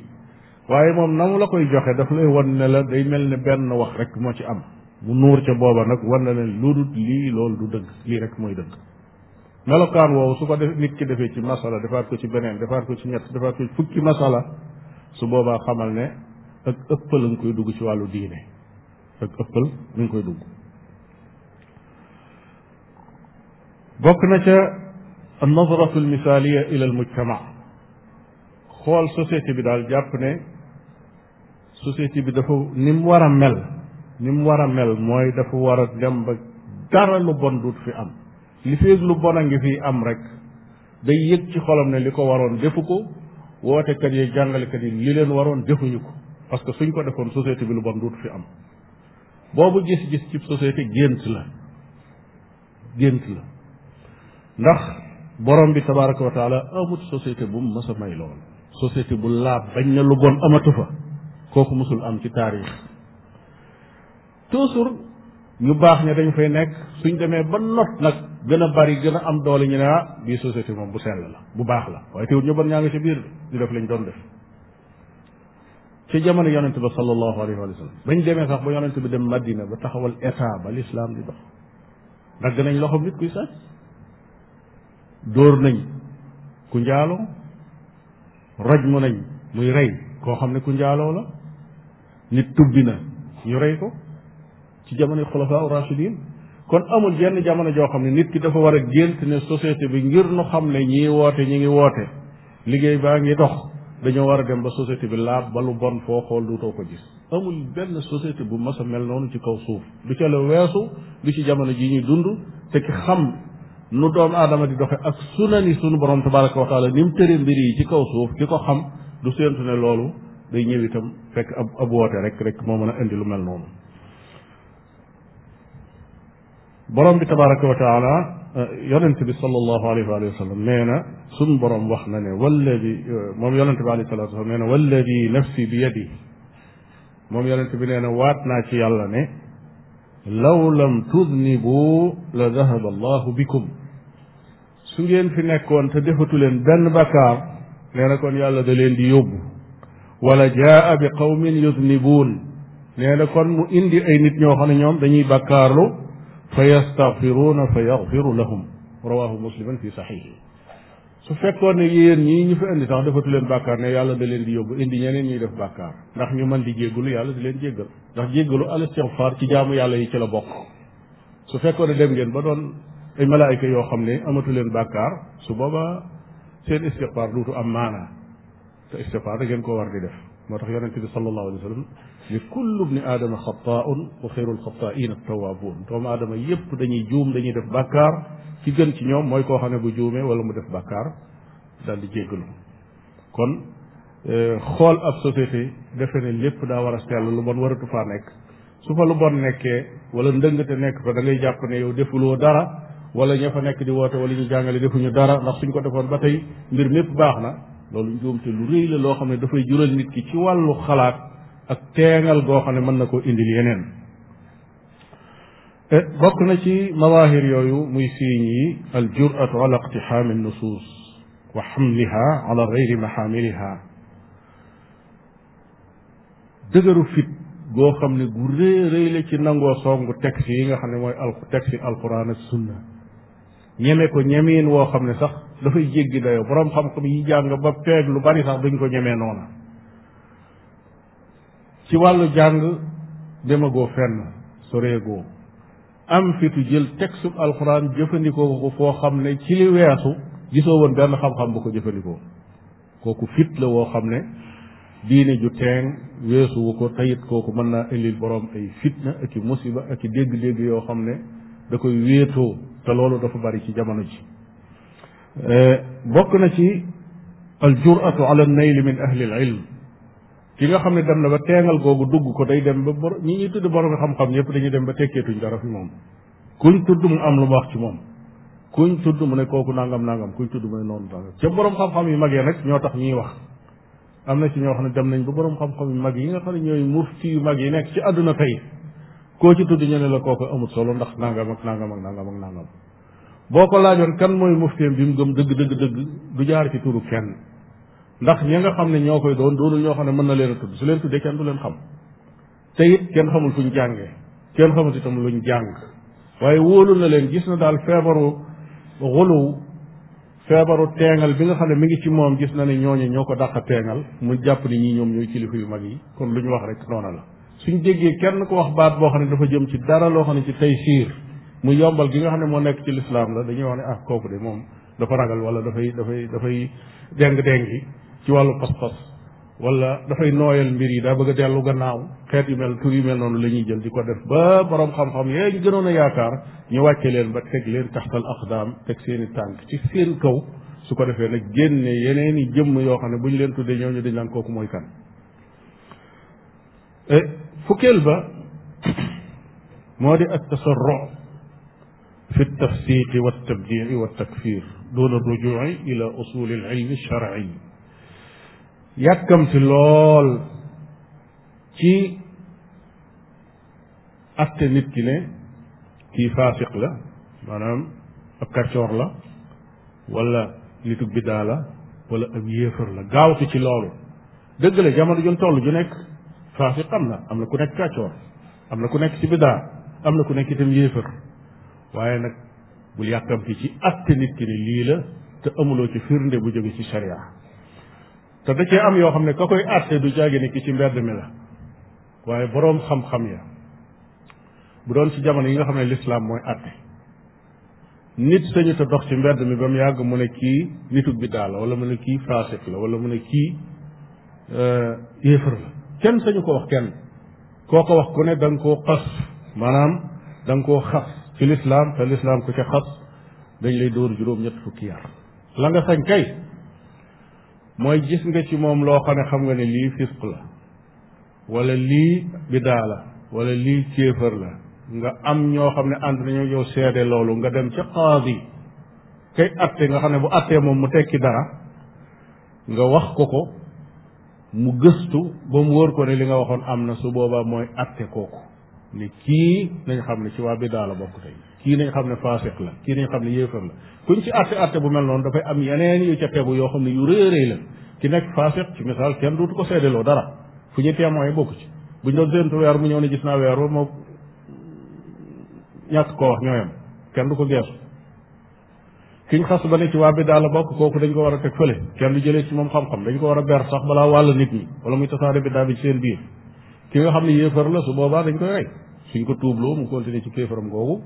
waaye moom na mu la koy joxe daf lay wan ne la day mel ni benn wax rek moo ci am mu nuur ca booba nag wan na ne lu dul lii loolu du dëgg lii rek mooy dëgg melokaan woowu su ko def nit ki defee ci masala defaat ko ci beneen defaat ci ñett defaat ci fukki masala su boobaa xamal ne ak ëppal nga koy dugg ci wàllu diine ak ëppal mi ngi koy dugg bokk na ca annadratu almisaaliya ila almujtama xool société bi daal jàpp ne société bi dafa ni mu war a mel ni mu war a mel mooy dafa war a dem ba dara lu bon duut fi am li feeg lu bon a ngi fi am rek day yëg ci xolam ne li ko waroon defu ko wootekat yi jàngalekat yi li leen waroon defuñu ko parce que suñ ko defoon société bi lu bon duutu fi am boobu gis-gis ci société gént la gént la ndax borom bi tabaraka wa taala amut société bu mu mës a may lool société bu laab bañ na lu bon amatu fa kooku mësul am ci taarix toujours ñu baax ña dañu fay nekk suñ demee ba not nag gën a bari gën a am doole ñu ne ah bii société moom bu sell la bu baax la waaye teewul ñu bon ñaa ngi ci biir di def lañ doon def ci jamono yonente bi sallallahu alayhi wa sallam bañ demee sax ba yonente bi dem Madina ba taxawal état ba l'islam di dox dagg nañ loxoom nit kuy sàcc dóor nañ ku njaaloo rajmu nañ muy rey koo xam ne ku njaaloo la nit tubbi na ñu rey ko ci jamono xulafaa rachidin kon amul jenn jamono joo xam ne nit ki dafa war a gént ne société bi ngir nu xam ne ñii woote ñi ngi woote liggéey baa ngi dox dañoo war a dem ba société bi laab ba lu bon foo xool duutoo ko ji amul benn société bu mas a mel noonu ci kaw suuf du ca la weesu du ci jamono ji ñuy dund te ki xam nu doom aadama di doxe ak sunani sunu borom tabaraka wa taala ni mu tëre mbir yi ci kaw suuf ki ko xam du séentu ne loolu day ñëw itam fekk ab ab woote rek rek moo mën a indi lu mel noonu borom bi tabaraka wa taala eh, yonent bi sallallahu alayhi wa sallam nee na suñ borom wax na ne walladi eh, moom yonent bi alayhi salatu wasalam nee na walladi bi yadi moom yonent bi nee na waat naa ci yàlla ne law lam tudnibu la dahaba allahu bikum su ngeen fi nekkoon te defatu leen benn bakkaar nee na kon yàlla da leen di yóbbu wala jaa bi qawmin yudnibuun nee na kon mu indi ay nit ñoo xam ne ñoom dañuy bakkaarlu fa yastaghfiruuna fa yaghfiru lahum rawahu musliman fi saxiixi su fekkoon ne yéen ñii ñu fi indi tax defatu leen bàkkaar ne yàlla da leen di yóbbu indi ñeneen ñuy def bàkkaar ndax ñu man di jéggalu yàlla di leen jéggal ndax jéggalu al istigfaar ci jaamu yàlla yi ci la bokk su fekkoon ne dem ngeen ba doon ay malaayka yoo xam ne amatu leen bàkkaar su booba seen istigfaar du am maanaa te istigfaar da ngeen koo war di def moo tax yonente bi sallallahu alayhi wa ne kullu bni aadama xataaun wa xayrul xataain attawaabuun doomu aadama yépp dañuy juum dañuy def bàkkaar ci gën ci ñoom mooy koo xam ne bu juumee wala mu def bàkkaar daal di jéggalu kon euh, xool ab société defe ne lépp daa war a sell lu bon waratu faa nekk su fa lu bon nekkee wala ndëngate nekk fa da ngay jàpp ne yow defuloo dara wala ña fa nekk di woote wala ñu jàngale defuñu dara ndax suñ ko defoon ba tey mbir mépp baax na loolu njuumte lu rëy loo xam ne dafay jural nit ki ci wàllu xalaat ak teengal goo xam ne mën na ko indil yeneen eh, bokk na ci mawaahir yooyu muy siiñ yi al juratu ala iqtixaami nusuus wa xamliha ala gayri maxaamiliha dëgëru fit goo xam ne gu rëy rëy la ci nangoo songu texte yi nga xam ne mooy al texte alquran ak sunna ñeme ko ñemeen woo xam ne sax dafay jéggi dayoo boroom xam-xam yi jàng ba peeg lu bari sax duñ ko ñemee noona ci wàllu jàng demagoo fenn soreegoo am fitu jël texte alxuraan jëfandikoo ko foo xam ne ci li weesu gisoo woon benn xam-xam bu ko jëfandikoo kooku fit la woo xam ne diine ju teeng weesu wu ko tayit kooku mën naa indil borom ay fitna ak i musiba ak i dégg-dégg yoo xam ne da koy wéetoo te loolu dafa bari ci jamono ji eh, bokk na ci al juratu ala nayli min ahli al ilm ki nga xam ne dem na ba teengal googu dugg ko day dem ba bor ñi ñuy tudd borom xam-xam yëpp dañuy dem ba tekkeetuñ dara fi moom kuñ tudd mu am lu mu wax ci moom kuñ tudd mu ne kooku nangam nangam kuñ tudd mu ne noonu nangam ca borom xam-xam yu magee nag ñoo tax ñuy wax am na ci ñoo xam ne dem nañ ba borom xam-xam yu mag yi nga xam ne ñooy mufti yu mag yi nekk ci àdduna tey koo ci tudd ñu ne la kooku amul solo ndax nangam ak nangam ak nangam ak nangam boo ko laajoon kan mooy muftiam bi mu gëm dëgg dëgg dëgg du jaar ci turu kenn ndax ñi nga xam ne ñoo koy doon doonul ñoo xam ne mën na leen a tudd su leen tuddee kenn du leen xam te it kenn xamul fuñ jàngee kenn xamul itam luñ jàng waaye wóolu leen gis na daal feebaru xuluw feebaru bi nga xam ne mi ngi ci moom gis na ne ñooñu ñoo ko dàq teengal mu jàpp ni ñii ñoom ñooy kilifa yu mag yi kon lu ñu wax rek noona la suñ déggee kenn ko wax baat boo xam ne dafa jëm ci dara loo xam ne ci tey siir mu yombal gi nga xam ne moo nekk ci lislaam la dañuy wax ne ah kooku de moom dafa ragal wala dafay dafay dafay déng-déng yi ci wàllu pas-pas wala dafay nooyal mbir yi daa bëgg a dellu gannaaw xeet yu mel tur yu mel noonu la ñuy jël di ko def ba borom xam-xam yee ñu gënoon yaakaar ñu wàcce leen ba teg leen taxtal aqdaam teg seen i tànk ci su ko defee nag génne yeneen i jëmm yoo xam ne bu ñu leen tuddee ñooñu dañ naan kooku mooy kan. Eh, fukkeel ba moo di ak tasarru fi tafsiqi wa tabdii wa takfir duna rujui ila usuli yàkkamti lool ci atte nit ki ne kii faasiq la maanaam ab kàccoor la wala nitu biddaa la wala ab yéefar la gaawtu ci loolu dëgg la jamono jun toll ju nekk faasiq am na am na ku nekk kàccoor am na ku nekk ci biddaa am na ku nekk itam yéefar waaye nag bul yàkkamti ci atte nit ki ne lii la te amuloo ci firnde bu jóge ci sharia te da cee am yoo xam ne ka koy àtte du jaage ni ki ci mbedd mi la waaye boroom xam-xam ya bu doon ci jamono yi nga xam ne lislaam mooy àtte nit sañu te dox ci mbedd mi ba mu yàgg mu ne kii nitug biddaa la wala mu ne kii faasik la wala mu ne kii euh, yéefar la kenn sañu ko wax kenn koo ko wax ku ne da koo xas maanaam da nga koo xas ci lislaam te lislaam ku ca xas dañ lay dóor juróom ñett fukki yar la nga sañ kay mooy gis nga ci moom loo xam ne xam nga ne lii fisq la walla lii bidaa la wala lii kéefër la nga am ñoo xam ne ànd nañu yow seede loolu nga dem ca qaadi kay atte nga xam ne bu attee moom mu tekki dara nga wax ko ko mu gëstu ba mu wóor ko ne li nga waxoon am na su boobaa mooy atte kooku ne kii nañ xam ne ci waa bidaa la bokk tey kii nañ xam ne faasiq la kii nañ xam ne yéefar la bu mel noonu dafay am yeneen yu ca yoo xam ne yu rëy rëy la ki nekk faasiq ci misaal kenn duutu ko seedeloo dara fu ñu témoin bokk ci buñ doon séentu weer mu ñëw ne gis naa weer ba moo ñàkk koo wax ñooyam kenn du ko geesu kiñ xas ba ne ci waa bi daal la bokk kooku dañ ko war a teg fële kenn du jëlee ci moom xam-xam dañ ko war a ber sax balaa wàll nit ñi wala muy tasaare bi daal bi seen biir ki nga xam ne yéefar la su boobaa dañ koy rey suñ ko tuubloo mu continuer ci kéefaram googu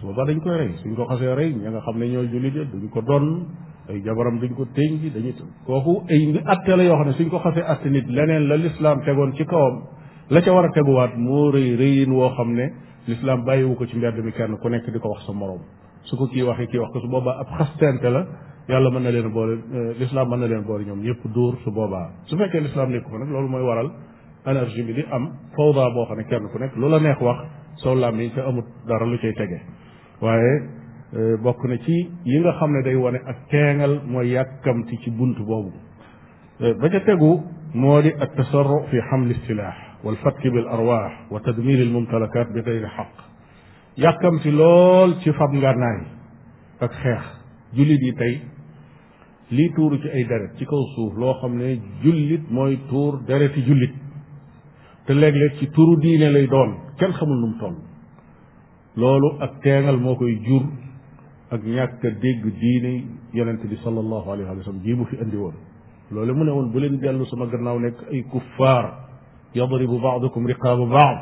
su boobaa dañ koy rey suñ ko xasee rey ña nga xam ne ñooy jullit ya duñ ko donn ay jabaram duñ ko ténj dañuy kooku ay mbi atte la yoo xam ne suñ ko xasee atte nit leneen la lislaam tegoon ci kawam la ca war a teguwaat moo rëy rëyin woo xam ne lislaam bàyyiwu ko ci mbedd mi kenn ku nekk di ko wax sa moroom su ko kii waxee kii wax ko su boobaa ab xastente la yàlla mën na leen boole euh, lislaam mën na leen boole ñoom ñëpp dóor su boobaa su fekkee lislaam nekk ko nag loolu mooy waral énergie bi di am fawda boo xam ne kenn ku nekk lu la neex wax soo làmmiñ te amut dara lu cay tege waaye e, bokk na ci yi nga xam ne day wane ak teengal mooy yàkkamti ci bunt boobu e, ba ca tegu moo di at tasarru fi xamli silaah wal fatki bil arwaax wa tadmiri al mumtalakat bi gayri xaq yàkkamti lool ci fab ngànnaay ak xeex jullit yi tey li tuuru ci ay deret ci kaw loo xam ne jullit mooy tuur dereti julit te léeg-léeg ci tuuru diine lay doon kenn xamul nu mu loolu ak teengal moo koy jur ak ñàkk a dégg diine bi sallallahu alayhi wa sallam jii mu fi andi woon loolu mu ne woon bu leen dellu ma gannaaw nekk ay kuffaar yadribu baadukum riqaaba baad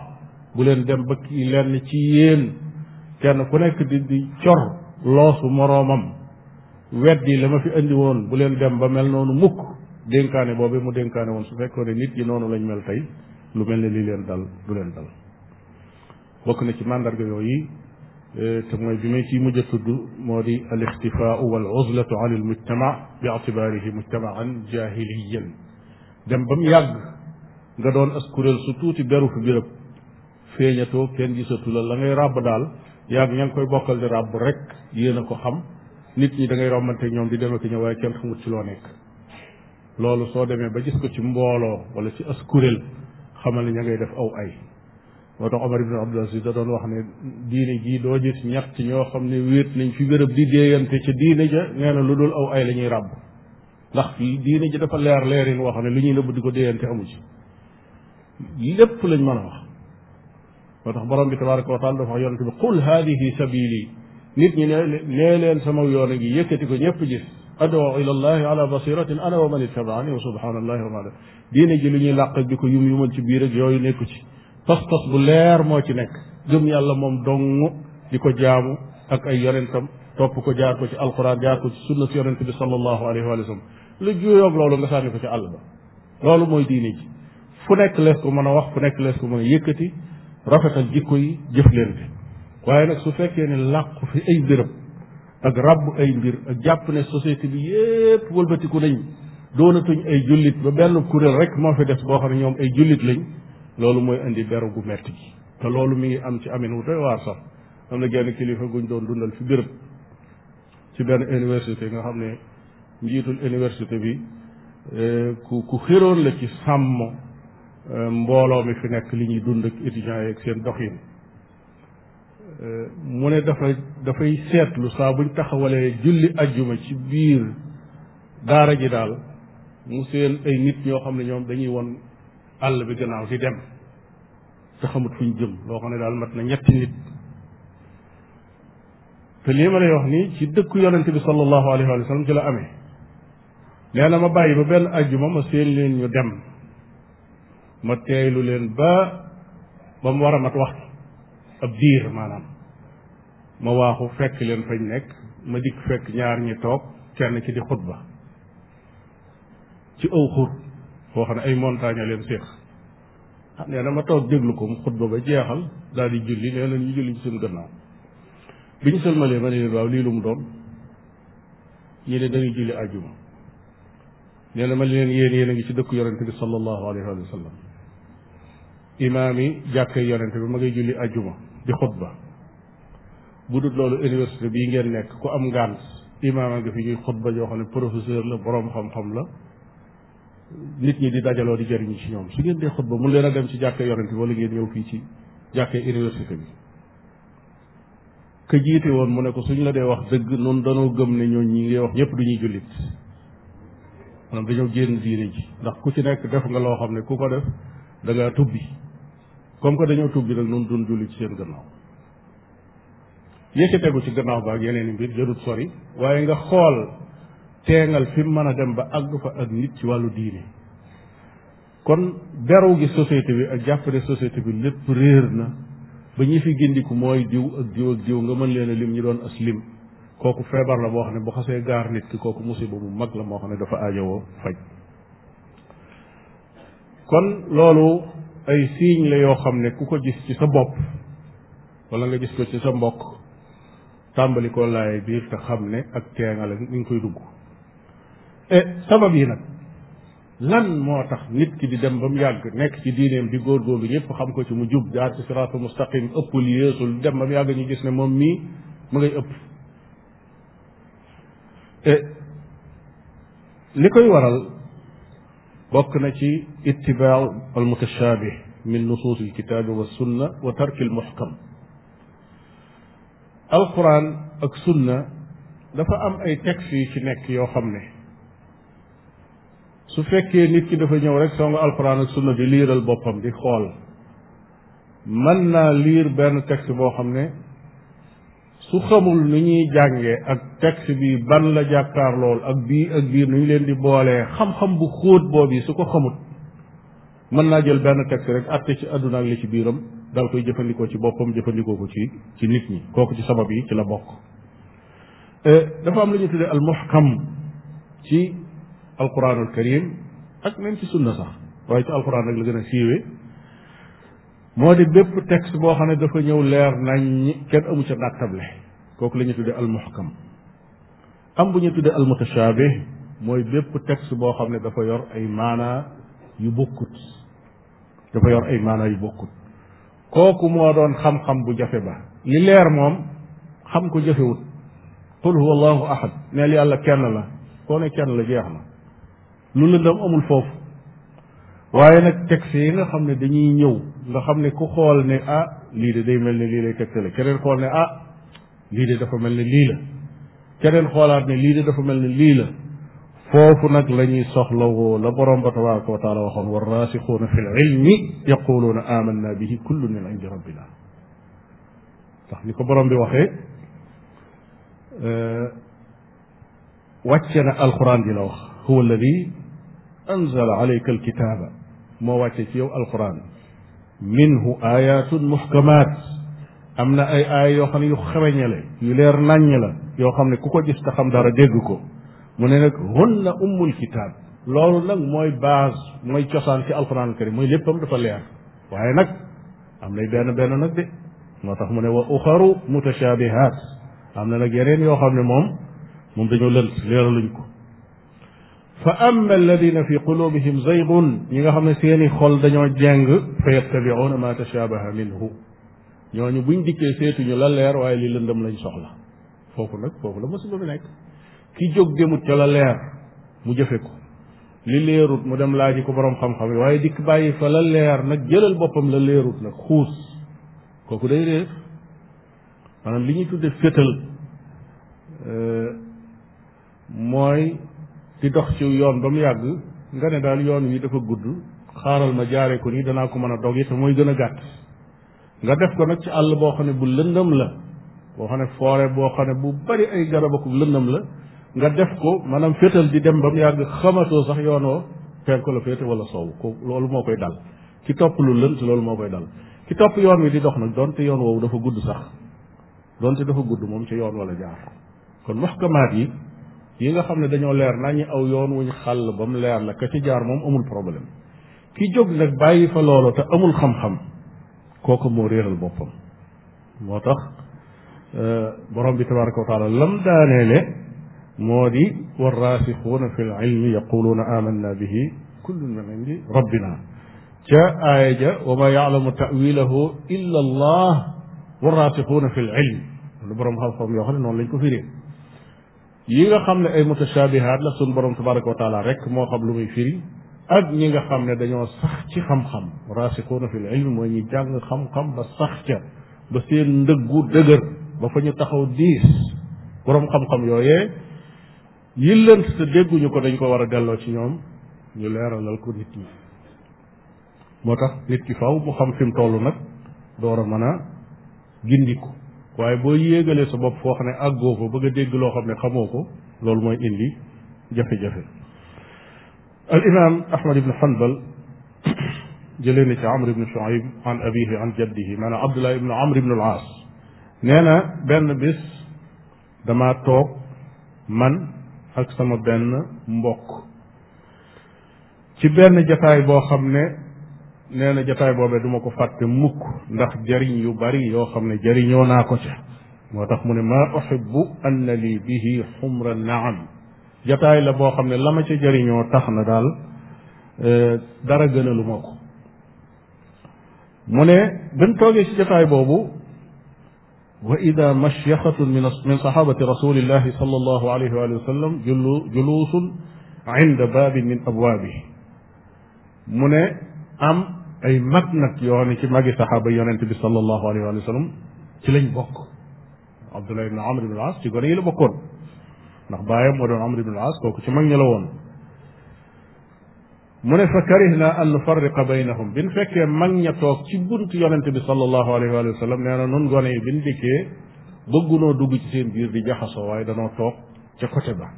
bu leen dem ba kii lenn ci yéen kenn ku nekk di di cor loosu moroomam weddi la ma fi andi woon bu leen dem ba mel noonu mukk dénkaane boobu mu dénkaane woon su fekkoon ne nit yi noonu lañ mel tey lu mel ne li leen dal du leen dal bokk na ci mandarga yooyu eh, te mooy bi may ciy mujj a tudd moo di al ixtifaau wal uzlatu an al mujtama bi itibaarihi mujtamaan jahiliyan dem ba mu yàgg nga doon as kuréel su tuuti beru fi birëb feeñatoo kenn gisatu la la ngay ràbb daal yàgg ña ngi koy bokkal di ràbb rek yéen a ko xam nit ñi da ngay rombante ñoom di dem ak ñëw waaye kenn xamut ci loo nekk loolu soo demee ba gis ko ci mbooloo wala ci as kuréel xamal ne ña ngay def aw ay moo tax Omar ibn Abdul Aziz da doon wax ne diine jii doo gis ñett ñoo xam ne wéet nañ fi bërëb di déeyante ca diine ja nee na lu dul aw ay la ñuy ràbb ndax diine ji dafa leer leerin woo xam ne lu ñuy nëbb di ko déeyante amu ci lépp lañ mën a wax moo tax borom bi tabaraka wa taala dafa wax yonente bi qul haadihi sabili nit ñi ne sama yoon a gi yëkkati ko ñëpp gis adoo ila allahi ala basiratin ana wa man ittabaani wa subhanallahi wa ma diine ji lu ñuy làq ak di ko yum yumal ci biir ak yooyu nekku ci pas-pas bu leer moo ci nekk gëm yàlla moom dong di ko jaamu ak ay yonentam topp ko jaar ko ci alquran jaar ko ci sunna si yonent bi sallallahu alayhi wa sallam lu juyoog loolu nga sànni ko ci àll ba loolu mooy diine ji fu nekk lees ko mën a wax fu nekk lees ko mën a yëkkati rafetal jikko yi jëf leen waaye nag su fekkee ne làqu fi ay mbirëm ak ràbb ay mbir ak jàpp ne société bi yépp wëlbatiku nañ doonatuñ ay jullit ba benn kuréel rek moo fi des boo xam ne ñoom ay jullit lañ loolu mooy indi beru gu metti gi te loolu mi ngi am ci amin wu waa waar sax am na genn kilifa guñ doon dundal fi béréb ci benn université nga xam ne njiitul université bi eh, ku ku xiroon la ci sàmm eh, mbooloo mi fi nekk li ñuy dund ak étudiants yeeg seen doxin eh, mu ne dafa dafay seetlu saa buñ taxawalee julli ajjuma ci biir daara ji daal mu seen ay nit ñoo xam ne ñoom dañuy won àll bi gannaaw di dem te xamut fuñ jëm loo xam ne daal mat na ñetti nit te lii ma lay wax nii ci dëkku yonente bi sallallahu alayhi wa sallam ci la amee nee na ma bàyyi ba benn ajjuma ma seen leen ñu dem ma teeylu leen ba ba mu war a mat waxtu ab diir maanaam ma waaxu fekk leen fañ nekk ma dikk fekk ñaar ñi toog kenn ci di xutba ci aw xur boo xam ne ay montagne leen séq ah, nee na ma toog déglu ko mu xutba ba jeexal daal di julli nee na ñu julli ci suñu gannaaw bi ñu sëlmalee ma ne leen waaw lii lu mu doon ñu ne dañuy julli àjjuma nee na ma leen yéen yéen a ngi ci dëkk yonente bi sallallahu alayhi wa sallam imaam yi jàkkee yonente bi ma ngay julli àjjuma di xutba bu dul loolu université bi ngeen nekk ku am ngànt imaam a nga fi ñuy xutba joo xam ne professeur la boroom xam-xam la nit ñi di dajaloo di jëriñu ci ñoom su ngeen dee xutba mun leen a dem ci jàkkee yonent bi wala ngeen ñëw fii ci jàkkee université bi ka woon mu ne ko suñ la dee wax dëgg noonu danoo gëm ne ñu ñi ngay wax ñëpp duñuy jullit maanaam dañoo génn diine ji ndax ku ci nekk def nga loo xam ne ku ko def da ngaa tubbi comme que dañoo tubbi nag noonu doon jullit ci seen gannaaw yëkkategu ci gannaaw ba ak yeneen i mbir jërut sori waaye nga xool teengal fi mën a dem ba àgg fa ak nit ci wàllu diine kon beru gi société bi ak jàppale société bi lépp réer na ba ñi fi gindiku mooy diw ak diw ak diw nga mën leen lim ñu doon as lim kooku feebar la boo xam ne bu xasee gaar nit ki kooku musiba mu mag la moo xam ne dafa aajowoo faj kon loolu ay signe la yoo xam ne ku ko gis ci sa bopp wala nga gis ko ci sa mbokk tàmbali ko laay biir te xam ne ak teengal ni nga koy dugg e sabab yi nag lan moo tax nit ki di dem ba mu yàgg nekk ci diineem di góorgóorlu ñëpp xam ko ci mu jub jaar ci siraatul mustaqim ëppul yéesul dem ba mu yàgg ñu gis ne moom mii mu ngay ëpp e, li koy waral bokk na ci ittibaa al mutashaabih min nusuus al kitaabi wa sunna wa tarki al muhkam alquran ak sunna dafa am ay textes yi ci nekk yoo xam ne su fekkee nit ki dafa ñëw rek songu alquran ak sunna di liiral boppam di xool mën naa liir benn texte boo xam ne su xamul nu ñuy jànge ak texte bi ban la jàkkaar lool ak bii ak biir nu ñu leen di boolee xam-xam bu xóot boobu su ko xamut mën naa jël benn texte rek atte ci àdduna ak li ci biiram dal koy jëfandikoo ci boppam jëfandikoo ko ci ci nit ñi kooku ci sabab yi ci la bokk eh, dafa am lu ñu tuddee ci alquranul karim ak même ci sunna sax waaye ci alquran nag la gën a siiwee moo di bépp texte boo xam ne dafa ñëw leer nañ kenn amu ca nattable kooku lañuy ñu tuddee almuhkam am bu ñu tuddee almutashaabih mooy bépp texte boo xam ne dafa yor ay maanaa yu bokkut dafa yor ay maanaa yu bokkut kooku moo doon xam-xam bu jafe ba li leer moom xam ko jafewut qul huwa allahu ahad neel yàlla kenn la koo ne kenn la jeex na lu lëndam amul foofu waaye nag texte yi nga xam ne dañuy ñëw nga xam ne ku xool ne ah lii de day mel ne lii lay tegtale keneen xool ne ah lii de dafa mel ne lii la keneen xoolaat ne lii de dafa mel ne lii la foofu nag la ñuy soxlawoo la borom ba tabaraka wa taala waxoon wa raasixuuna fi l ilmi yaquluuna amanna bihi kullu min indi rabbina ndax ni ko borom bi waxee eh, wàcce na alxuraan di la wax huwa alladi anzala alayka alkitaaba moo wàcce ci yow alquran minhu ayatun muhkamaat am na ay aaya yoo xam ne yu xeweñale yu leer nàññ la yoo xam ne ku ko gis te xam dara dégg ko mu ne nag hunna ummul kitaab loolu nag mooy base mooy cosaan ci alquran karim mooy léppam dafa leer waaye nag am nay benn benn nag de moo tax mu ne wa uxaru mutashaabihaat am na nag yeneen yoo xam ne moom moom dañoo lënt leeraluñ ko fa amma alladina fi qulubihim zaygun ñi nga xam ne seeni xol dañoo jeng fa yattabi'una ma tashabaha minhu ñooñu buñ dikkee seetuñu la leer waaye li lëndëm lañ soxla foofu nag foofu la musiba bi nekk ki jóg demut ca la leer mu jëfe ko li leerut mu dem laaj ko borom xam-xam waaye dikk bàyyi fa la leer nag jëlal boppam la leerut nag xuus kooku day réer maanaam li ñuy tudde fétal euh, mooy di dox ci yoon ba mu yàgg nga ne daal yoon wi dafa gudd xaaral ma jaaree ko nii danaa ko mën a doge te mooy gën a gàtt nga def ko nag ci àll boo xam ne bu lëndëm la boo xam ne forêt boo xam ne bu bari ay garab ak lëndëm la nga def ko maanaam féetal di dem ba mu yàgg xamatoo sax yoon woo penku la féete wala soow ko loolu moo koy dal ki topp lu lënt loolu moo koy dal ki topp yoon wi di dox nag te yoon woowu dafa gudd sax donte dafa gudd moom ci yoon wala jaar yi nga xam ne dañoo leer nañu aw yoon wuñ xàll ba mu leer la ka ci jaar moom amul problème ki jóg nag bàyyi fa loolu te amul xam-xam kooku moo réeral boppam moo tax euh, borom bi tabaraka wa taala lam daaneele moo di warraasixuuna fi l ilmi yaquluuna amanna bihi kullun min indi rabbina ca aaya ja wa ma yaalamu tawilahu illa allah warraasixuuna fi l ilm lu borom xam-xam yoo xam ne noonu lañ ko firee yi nga xam ne ay mutashabihaat la suñu borom tabaraka wa taala rek moo xam lu muy firi ak ñi nga xam ne dañoo sax ci xam-xam raasixuuna fil ilm mooy ñu jàng xam-xam ba sax ca ba seen ndëggu dëgër ba ñu taxaw diis borom xam-xam yooyee yillënt dégguñu ko dañ ko war a delloo ci ñoom ñu leeralal ko nit ñi moo tax nit ki faw mu xam fi mu toll nag door a mën a gindiku waaye boo yéegalee sa bopp foo xam ne àggoo fa bëgg a dégg loo xam ne xamoo ko loolu mooy indi jafe-jafe al imam ahmad ibn hanbal jëlee na ci amr ibn shuaib an abihi an jaddihi maanaam abdullah ibn amr ibn al aas nee na benn bis dama toog man ak sama benn mbokk ci benn jataay boo xam ne nee na jataay boobee duma ko fàtte mukk ndax jariñ yu bari yoo xam ne jariñoo naa ko ca moo tax mu ne maa uhibbu anna li bihi xumra naam jataay la boo xam ne la ma ca jariñoo tax na daal e, dara gënalu ma ko mu ne dañ toogee ci jataay boobu wa ida mashyaxatun min min saxaabati rasulillahi sal allahu alayhi wa sallam julu juluusun inda baabin min abwaabihi mu ne am ay mag nag yoo xam ne ci magi saxaaba yonent bi sallallahu alayhi wa sallam ci lañ bokk Abdullah ibn Amr ibn al ci gone yi la bokkoon ndax baayam moo doon Amr ibn al-As kooku ci mag ñi la woon mu ne fa karihna an nufarriqa baynahum bin fekkee mag ña toog ci bunt yonent bi sallallahu alayhi wa sallam nee na nun gone yi bin dikkee bëggunoo dugg ci seen biir di jaxasoo waaye danoo toog ca côté ba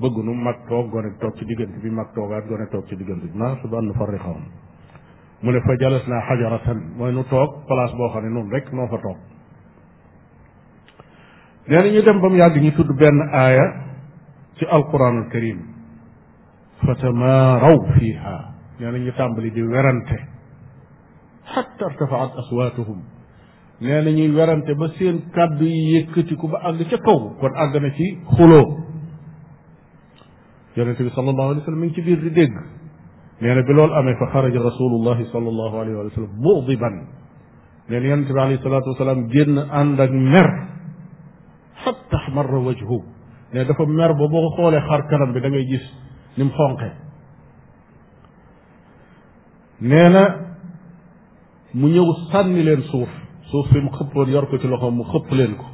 bëggunu mag toog gone toog ci diggante bi mag toogaat gone toog ci diggante bi ma suba an nufarriqahum mu ne fa jalas naa xajaratan mooy nu toog place boo xam ne noonu rek noo fa toog nee na ñu dem ba mu yàgg ñu tudd benn aaya ci alquranul karim fa tamaaraw fiiha nee na ñu tàmbali di werante xatta irtafaat aswaatuhum nee na ñuy werante ba seen kàddu yi yëkkatiku ba àgg ca kaw kon àgg na ci xuloo yonente bi sallallahu alayhi wa sallam mi ngi ci biir di dégg nee na bi loolu amee fa xaraja rasulullahi sallallahu alayhi wa sallam mudiban nee na yonente bi alayhi salatu wasalaam génn ànd ak mer xatta xmarra wajhu ne dafa mer ba boo xoolee xar kanam bi da ngay gis ni mu xonqe nee na mu ñëw sànni leen suuf suuf si mu xëppoon yor ko ci loxoom mu xëpp leen ko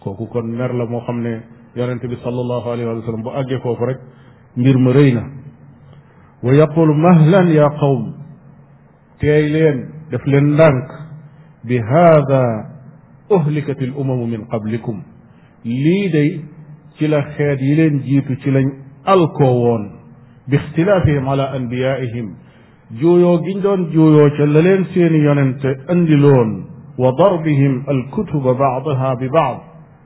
kooku kon mer la moo xam ne yonente bi sallallahu alayhi wa sallam bu àggee foofu rek mbir ma rëy na wa yaqulu mahlan ya qawm teey leen def leen ndànk bi haada uhlikat al umamu min qablikum lii day ci la xeet yi leen jiitu ci lañ alkoo woon bi ixtilaafihim ala anbiyaihim juuyoo giñ doon juuyoo ca la leen seeni yonente andiloon wa darbihim alkutuba baadaha bi baad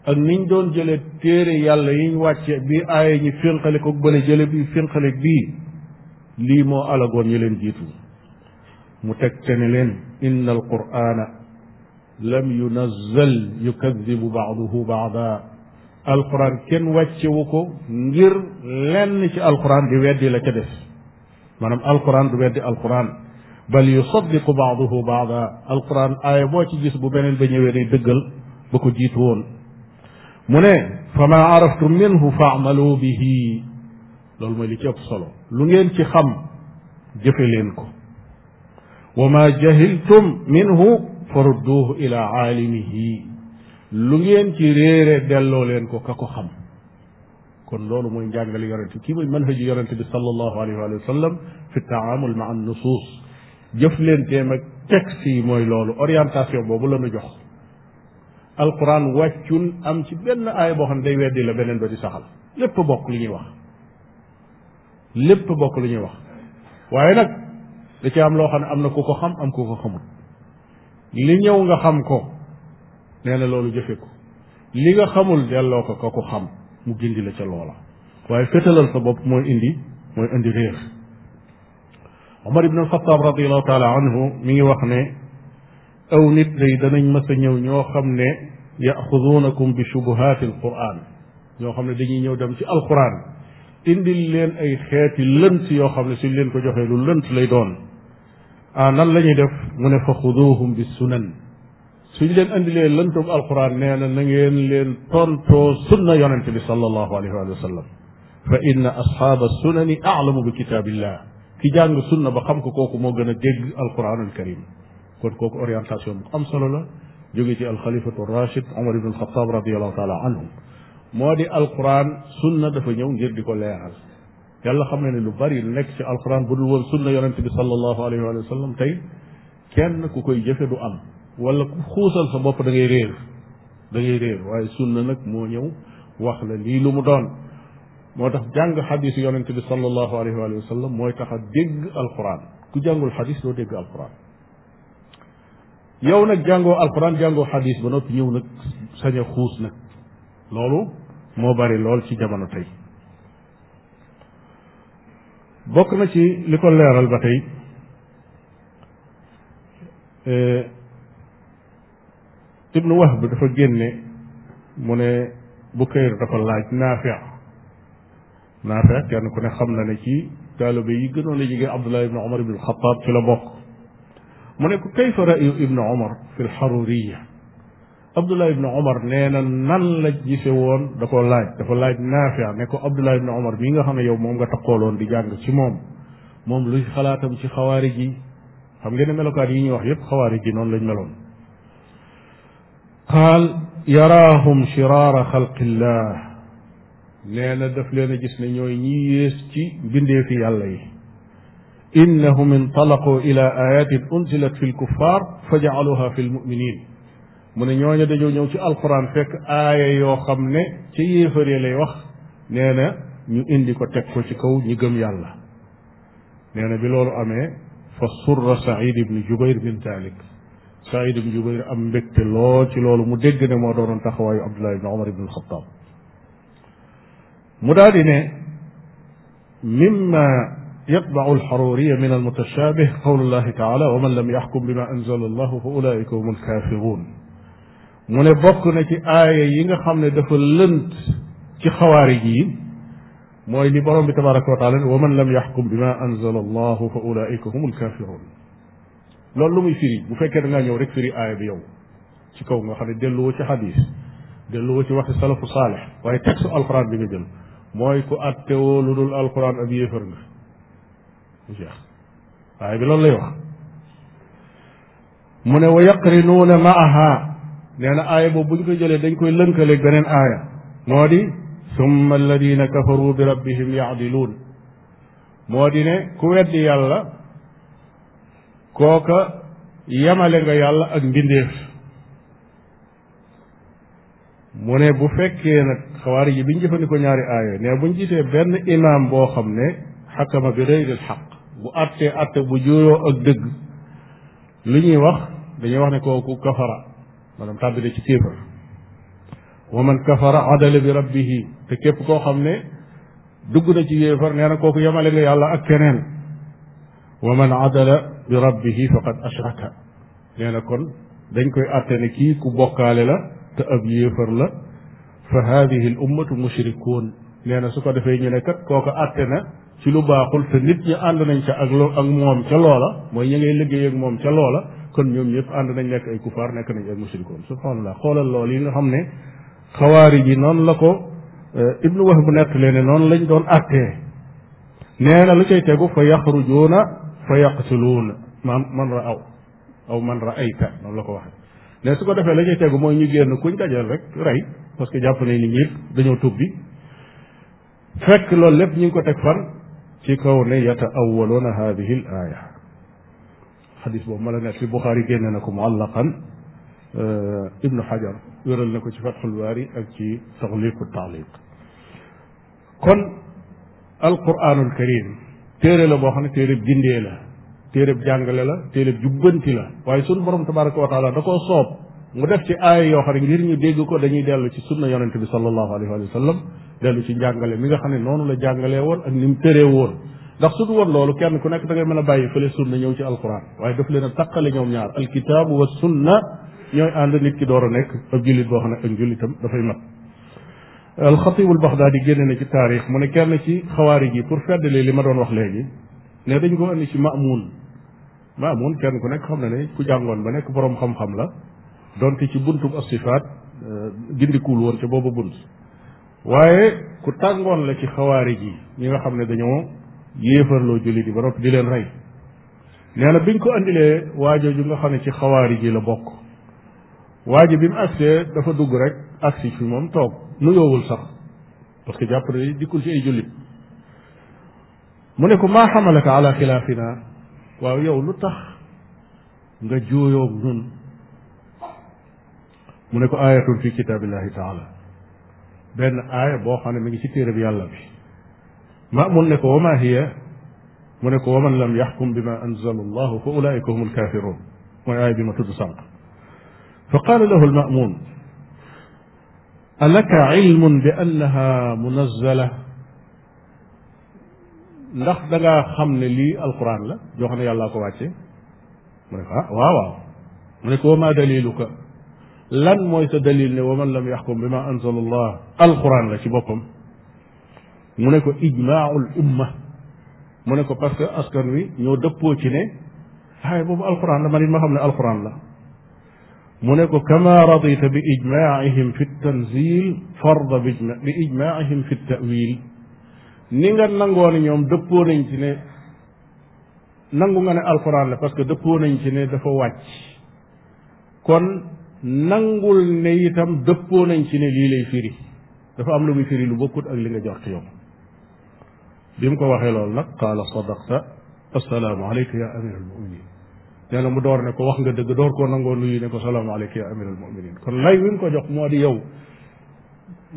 ak niñ doon jële téere yàlla yiñ wàcce bi aaya ñi fénqalikog bële jële bi fénqalik bii lii moo alagoon ñi leen jiitu mu teg te ne leen inna al qurana lam yunazzal yukadibu baaduhu baada alquran kenn wàccewu ko ngir lenn ci alquran di weddi la ca des maanaam alquran du weddi alquran bal yusaddiqu baaduhu baada alquran aaya boo ci gis bu beneen ba ñëwee day dëggal ba ko jiitu woon mu ne fa maa araftum minhu faamalu bihi loolu mooy li ci ëpp solo lu ngeen ci xam jëfe leen ko wa ma jahiltum minhu farudduhu ila aalimihi lu ngeen ci réere delloo leen ko ka xam kon loolu mooy njàngale yonente kii mooy manhaju yonente bi sallallahu alayhi wa sallam fi taamul ma an nusuus jëf leen teem ak texte mooy loolu orientation boobu la nu jox alquran wàccul am ci benn aaya boo xam ne day weddi la beneen ba di saxal lépp bokk li ñuy wax lépp bokk lu ñuy wax waaye nag da ci am loo xam ne am na ku ko xam am ku ko xamul li ñëw nga xam ko nee na loolu jëfe ko li nga xamul delloo ko ko ko xam mu gindi la ca loola waaye fétalal sa bopp mooy indi mooy indi réer Omar ibn al-Xattaab radiallahu taala anhu mi ngi wax ne aw nit day danañ mës a ñëw ñoo xam ne yaxudunakum bi shubuhaati alquran ñoo xam ne dañuy ñëw dem ci alquran indil leen ay xeeti lënt yoo xam ne suñ leen ko joxee lu lënt lay doon ah nan la ñuy def mu ne fa xuduhum bi sunan suñ leen indilee lëntub alquran nee na na ngeen leen tontoo sunna yonente bi sallallahu alayhi wa sallam fa inna asxaaba sunani aalamu bi kitaabillah ki jàng sunna ba xam ko kooku moo gën a dégg alquran al karim kon kooku orientation bu am solo la jóge ci alxalifatu rachid omar ibn alxataab radiallahu taala anhu moo di alquran sunna dafa ñëw ngir di ko leeral yàlla xam na ne lu bari lu nekk ci alquran bu dul woon sunna yonent bi sallallahu alayhi wa sallam tey kenn ku koy jëfe du am wala ku xuusal sa bopp da ngay réer da ngay réer waaye sunna nag moo ñëw wax la lii lu mu doon moo tax jàng xadis yonent bi sallallahu alayhi wa sallam mooy tax a dégg alquran ku jàngul xadis doo dégg alquran yow nag jàngoo alquran jàngoo xadis ba noppi ñëw nag sañ a xuus nag loolu moo bari lool ci jamono tey bokk na ci li ko leeral ba tey eh, ibnu Wahb dafa génne mu ne Bukayr dafa laaj Naafi Naafi kenn ku ne xam na ne ci taalibe yi gënoon a jege Abdullah ibnu Omar ibnu Xataab ci la bokk mu ne ko kayfa rayu ibnu fi lxaruriya Abdullah ibn Omar nee na nan la gisee woon da ko laaj dafa laaj Naafi' ne ko Abdullah ibn Omar bii nga xam ne yow moom nga takkooloon di jàng ci moom moom luy xalaatam ci xawaarij yi xam ngeen ne yi ñuy wax yépp xawaarij yi noonu lañ meloon qaal yaraahum shiraara xalqillah nee na daf leen gis ne ñooy ñi yées ci mbindeefi yàlla yi innahum intalaqu ila ayatin unzilat fi lkuffar fa jaaluha fi lmuminin mu ne ñooñu dañoo ñëw ci alxuraan fekk aaya yoo xam ne ci yéefar yi lay wax nee na ñu indi ko teg ko ci kaw ñi gëm yàlla nee na bi loolu amee fa surra said ibni jubair min taalik said ibni jubair am mbégte lool ci loolu mu dégg ne moo doonoon taxawaayu abdullah ibni omar ibni alxataab mu daal di ne mimma yatbacu alxaruriya min almutashaabih qawlu llahi taala wa man lam yaxkum bima anzala allahu fa ulaika hum alkaafiruun mu ne bokk na ci aaya yi nga xam ne dafa lënt ci xawaarij yi mooy li borom bi tabaraka wa taala wa man lam yaxkum bima anzala allahu fa ulaika humul kafirun loolu lu muy firi bu fekkee da ngaa ñëw rek firi aaya bi yow ci kaw nga xam ne delluwoo ci xadis delluwoo ci waxi salafu saalix waaye texte alquran bi nga jël mooy ku attewoo lu dul alquran ab yéefar nga mu jeex aaya bi loolu lay wax mu ne wa yaqrinuuna maaha nee na aaya boobu buñ ko jëlee dañ koy lënkaleeg beneen aaya moo di summa alladina kafaru bi rabbihim yaadiluun moo di ne ku weddi yàlla kooka yemale nga yàlla ak mbindeef mu ne bu fekkee nag xawaari yi biñ jëfandikoo ñaari aaya ne buñ gisee benn imaam boo xam ne xakama bi ghayril xaq bu àttee àtte bu juuyoo ak dëgg lu ñuy wax dañuy wax ne kooku kafara maanaam tàbbi na ci kéefar wa man kafara adala bi rabbihi te képp koo xam ne dugg na ci yéefar nee na kooku yemale nga yàlla ak keneen wa man adala bi rabbihi faqad ashraka nee na kon dañ koy àtte ne kii ku bokkaale la te ab yéefar la fa hadihi al ummatu nee na su ko defee ñu ne kat na ci lu baaxul te nit ñi ànd nañ ca ak lo moom ca loola mooy ñi ngay liggéey ak moom ca loola kon ñoom ñëpp ànd nañ nekk ay kufaar nekk nañ ay mushrikoon subhanallah xoolal loolu yi nga xam ne xawaari ji noonu la ko euh, ibnu wahb bu nett lee noonu lañ doon attee nee na lu cay tegu fa yaxrujuuna fa yaqtuluuna man man ra aw aw man ay ayta noonu la ko waxee ne su ko defee la cay tegu mooy ñu génn kuñ dajal rek rey parce que jàpp nañ ni ñëpp dañoo tubbi fekk loolu lépp ñu ngi ko teg fan ci kaw ne yata awwaluuna hadihi aaya xadis boobu ma la nekk li Buxaari génne na ko muallaqan euh, Ibnu Xajar wéral na ko ci Fatxul Baari ak ci taxliqu taaliq kon alquranul karim téere la boo xam ne téereb gindee la bu jàngale la téere téereb jubbanti la waaye sunu borom tabaraka wa taala da koo soob mu def ci aaya yoo xam ne ngir ñu dégg ko dañuy dellu ci sunna yonente bi sallallahu alayhi wa sallam dellu ci njàngale mi nga xam ne noonu la jàngale woon ak ni mu tëree woon ndax su du woon loolu kenn ku nekk dangay mën a bàyyi fële sunna ñëw ci alquran waaye daf leen a taqale ñoom ñaar alkitaabu wa sunna ñooy ànd nit ki door a nekk ab jullit boo xam ne ak jullitam dafay mat alxatibul baxdaadi génne na ci taarix mu ne kenn ci xawaarij yi pour feddali li ma doon wax léegi ne dañ ko indi ci maamun maamun kenn ku nekk xam na ne ku jàngoon ba nekk boroom xam-xam la donte ci buntub asifaat euh, gindikuul woon ca booba bunt waaye ku tàngoon la ci xawaarij yi ñi nga xam ne dañoo yéefarloo loo yi ba noppi di leen rey nee na biñ ko andilee waajo ju nga xam ne ci xawaari ji la bokk waajo bi mu agsee dafa dugg rek agsi fi moom toog nuyoowul sax parce que jàpp ne dikkul ci ay jullit mu ne ko maa xamalaka ala xilaafina waaw yow lu tax nga juuyoo ñun mu ne ko aayatun fi kitaabillahi taala benn aaya boo xam ne mi ngi ci téere bi yàlla bi maamun ne ko wa maa hiya mu ne ko wa man lam yaxkum bi ma anzala allahu fa ulaika hum alkaafiruun mooy aaya bi ma tudd sànq fa qaala lahu almaamuun alaka ilmun bi annaha munazzala ndax da ngaa xam ne lii alquran la joo xam ne yàllaa ko wàcce mu ne ko ah waaw waaw mu ne ko wa maa daliluka lan mooy sa dalil ne wa man lam yaxkum bi ma anzala allah alquran la ci boppam mu ne ko ijmaaul umma mu ne ko parce que askan wi ñoo dëppoo ci ne aaya boobu alquran la man it ma xam ne alquran la mu ne ko kama radita bi ijmaihim fi tanzil farda bi bi ijmaihim fi tawil ni nga nangoo ne ñoom dëppoo nañ ci ne nangu nga ne alquran la parce que dëppoo nañ ci ne dafa wàcc kon nangul ne itam dëppoo nañ ci ne lii lay firi dafa am lu muy firi lu bokkut ak li nga jox yow bi mu ko waxee loolu nag qaala sadaqta assalaamu alayka ya amiral muminin nee na mu door ne ko wax nga dëgg door koo nangoo nuyu ne ko salaamu alayka ya amiral muminin kon lay wi mu ko jox moo di yow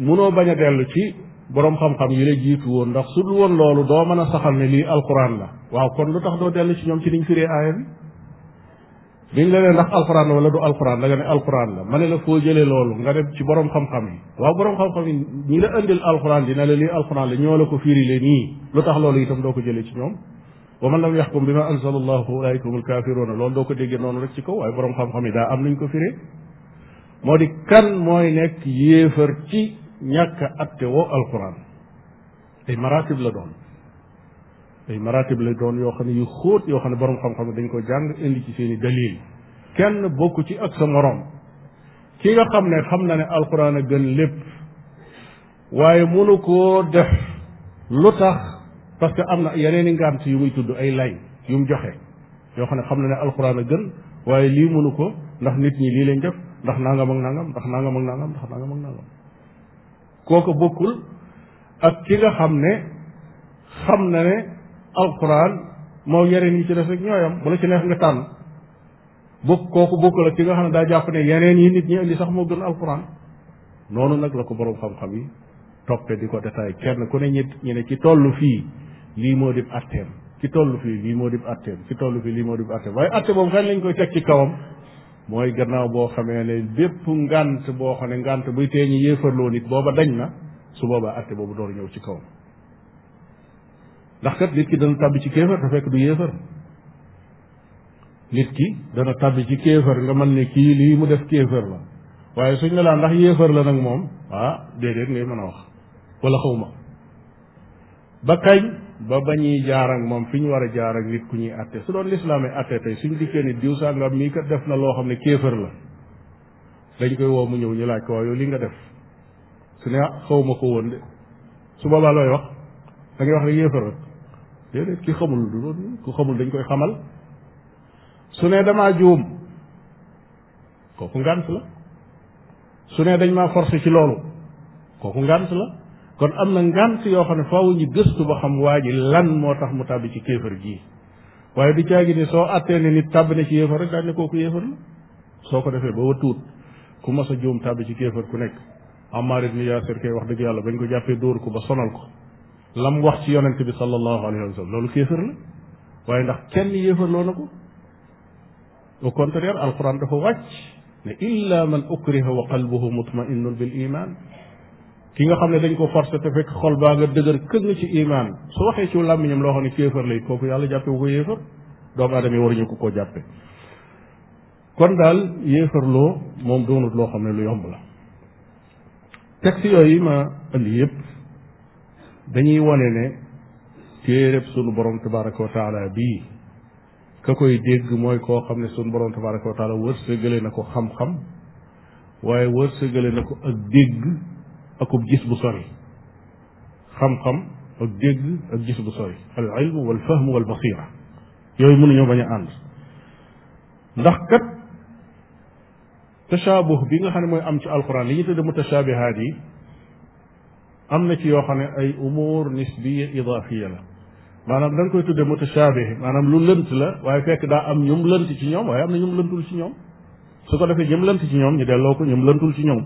munoo bañ a dellu ci boroom xam-xam yi la jiitu woon ndax su dul woon loolu doo mën a saxal ne lii alquran la waaw kon lu tax doo dellu ci ñoom ci niñ firee aaya bi biñ la ndax alxuraan la wala du alxuraan da nga ne alxuraan la ma ne la foo jëlee loolu nga dem ci borom xam-xam yi waaw borom xam-xam yi ñi la indil alxuraan dina la lii alxuraan la ñoo la ko firile nii lu tax loolu itam doo ko jëlee ci ñoom wa man lam yaxkum bi ma anzala allahu ulaikum alkafiruna loolu doo ko déggee noonu rek ci kaw waaye borom xam-xam yi daa am nañ ko firee moo di kan mooy nekk yéefar ci ñàkk atte woo alxuraan ay la doon ay maratib la doon yoo xam ne yu xóot yoo xam ne borom xam-xam dañ ko jàng indi ci seeni dalil kenn bokk ci ak sa moroom ki nga xam ne xam na ne alquran a gën lépp waaye mënu parce que am na yeneen i ngànt muy tudd ay lay yu joxe yoo xam ne xam na ne alquran a gën waaye lii mënu ko ndax nit ñi lii lañ def ndax nangam ak nangam ndax nangam ak nangam ndax nangam ak nangam kooku bokkul ak ki nga xam ne xam na ne alquran moo yeneen yi ci def rek ñooyam bu ci neex nga tànn bokk kooku bokk la ci nga xam ne daa jàpp ne yeneen yi nit ñi indi sax moo gën alquran noonu nag la ko boroom xam-xam yi toppe di ko détaillé kenn ku ne ñi ñu ne ci tollu fii lii moo dib atteem ci tollu fii lii moo dib atteem ci tollu fii lii moo dib atteem waaye atte boobu kañ lañ koy teg ci kawam mooy gannaaw boo xamee ne bépp ngànt boo xam ne ngànt buy tee ñi yéefarloo nit booba dañ na su boobaa atte boobu door ñëw ci kawam ndax kat nit ki dana tàbbi ci kéefër te fekk du yéefër nit ki dana tàbbi ci kéefër nga mën ne kii lii mu def kéefër la waaye suñ ne laa ndax yéefër la nag moom ah déedéet ngay mën a wax wala xawma ba kañ ba bañuy jaar ak moom fi ñu war a jaar ak nit ku ñuy atte su doon lislaam ay atte tey suñ dikkee ni diw sàngam mii kat def na loo xam ne kéefër la dañ koy woo mu ñëw ñu laaj ko waaw yow li nga def su ne ah, xawma ko woon de su boobaa looy wax da déedéet ki xamul du doon ku xamul dañ koy xamal su ne damaa juum kooku ngànt la su ne dañ maa forcé ci loolu kooku ngànt la kon am na ngànt yoo xam ne faaw ñu gëstu ba xam waa ji lan moo tax mu tàbbi ci kéefër gii waaye du caagi ne soo attee ne nit tàbb ne ci yéefar rek daan ne kooku yéefar la soo ko defee ba watuut ku mas a juum tàbbi ci kéefër ku nekk Ammaar ibn Yaasir kay wax dëgg yàlla bañ ko jàppee dóor ko ba sonal ko lam wax ci yonent bi sallallahu alayhi wa sallam loolu kéefër la waaye ndax kenn yéefarloo loo ko au contraire alquran dafa wàcc ne illa man ukriha wa qalbuhu mutmainnun bil iman ki nga xam ne dañ ko forcé te fekk xol baa nga dëgër këng ci iman su waxee ci làmmiñam loo xam ne kéefër lay kooku yàlla jàppe wu ko yéefar doomu aadama yi waruñu ko koo jàppe kon daal yéefarloo moom doonut loo xam ne lu yomb la texte yooyu ma andi yëpp dañuy wone ne téereb sunu borom tabaraka wa taala bii ka koy dégg mooy koo xam ne sunu borom tabaraka wa taala wërsëgale na ko xam-xam waaye wërsëgale na ko ak dégg akub gis bu sori xam-xam ak dégg ak gis bu sori al ilmu wal fahmu wal basira yooyu mënuñoo bañ a ànd ndax kat tasaabuh bi nga xam ne mooy am ci alquran li ñu tudde mutasaabihaat yi am na ci yoo xam ne ay umuur nisbiya idaafiya la maanaam da koy koy tudde mutashaabih maanaam lu lënt la waaye fekk daa am ñum lënt ci ñoom waaye am na ñum lëntul ci ñoom su ko defee ñum lënt ci ñoom ñu delloo ko ñum lëntul ci ñoom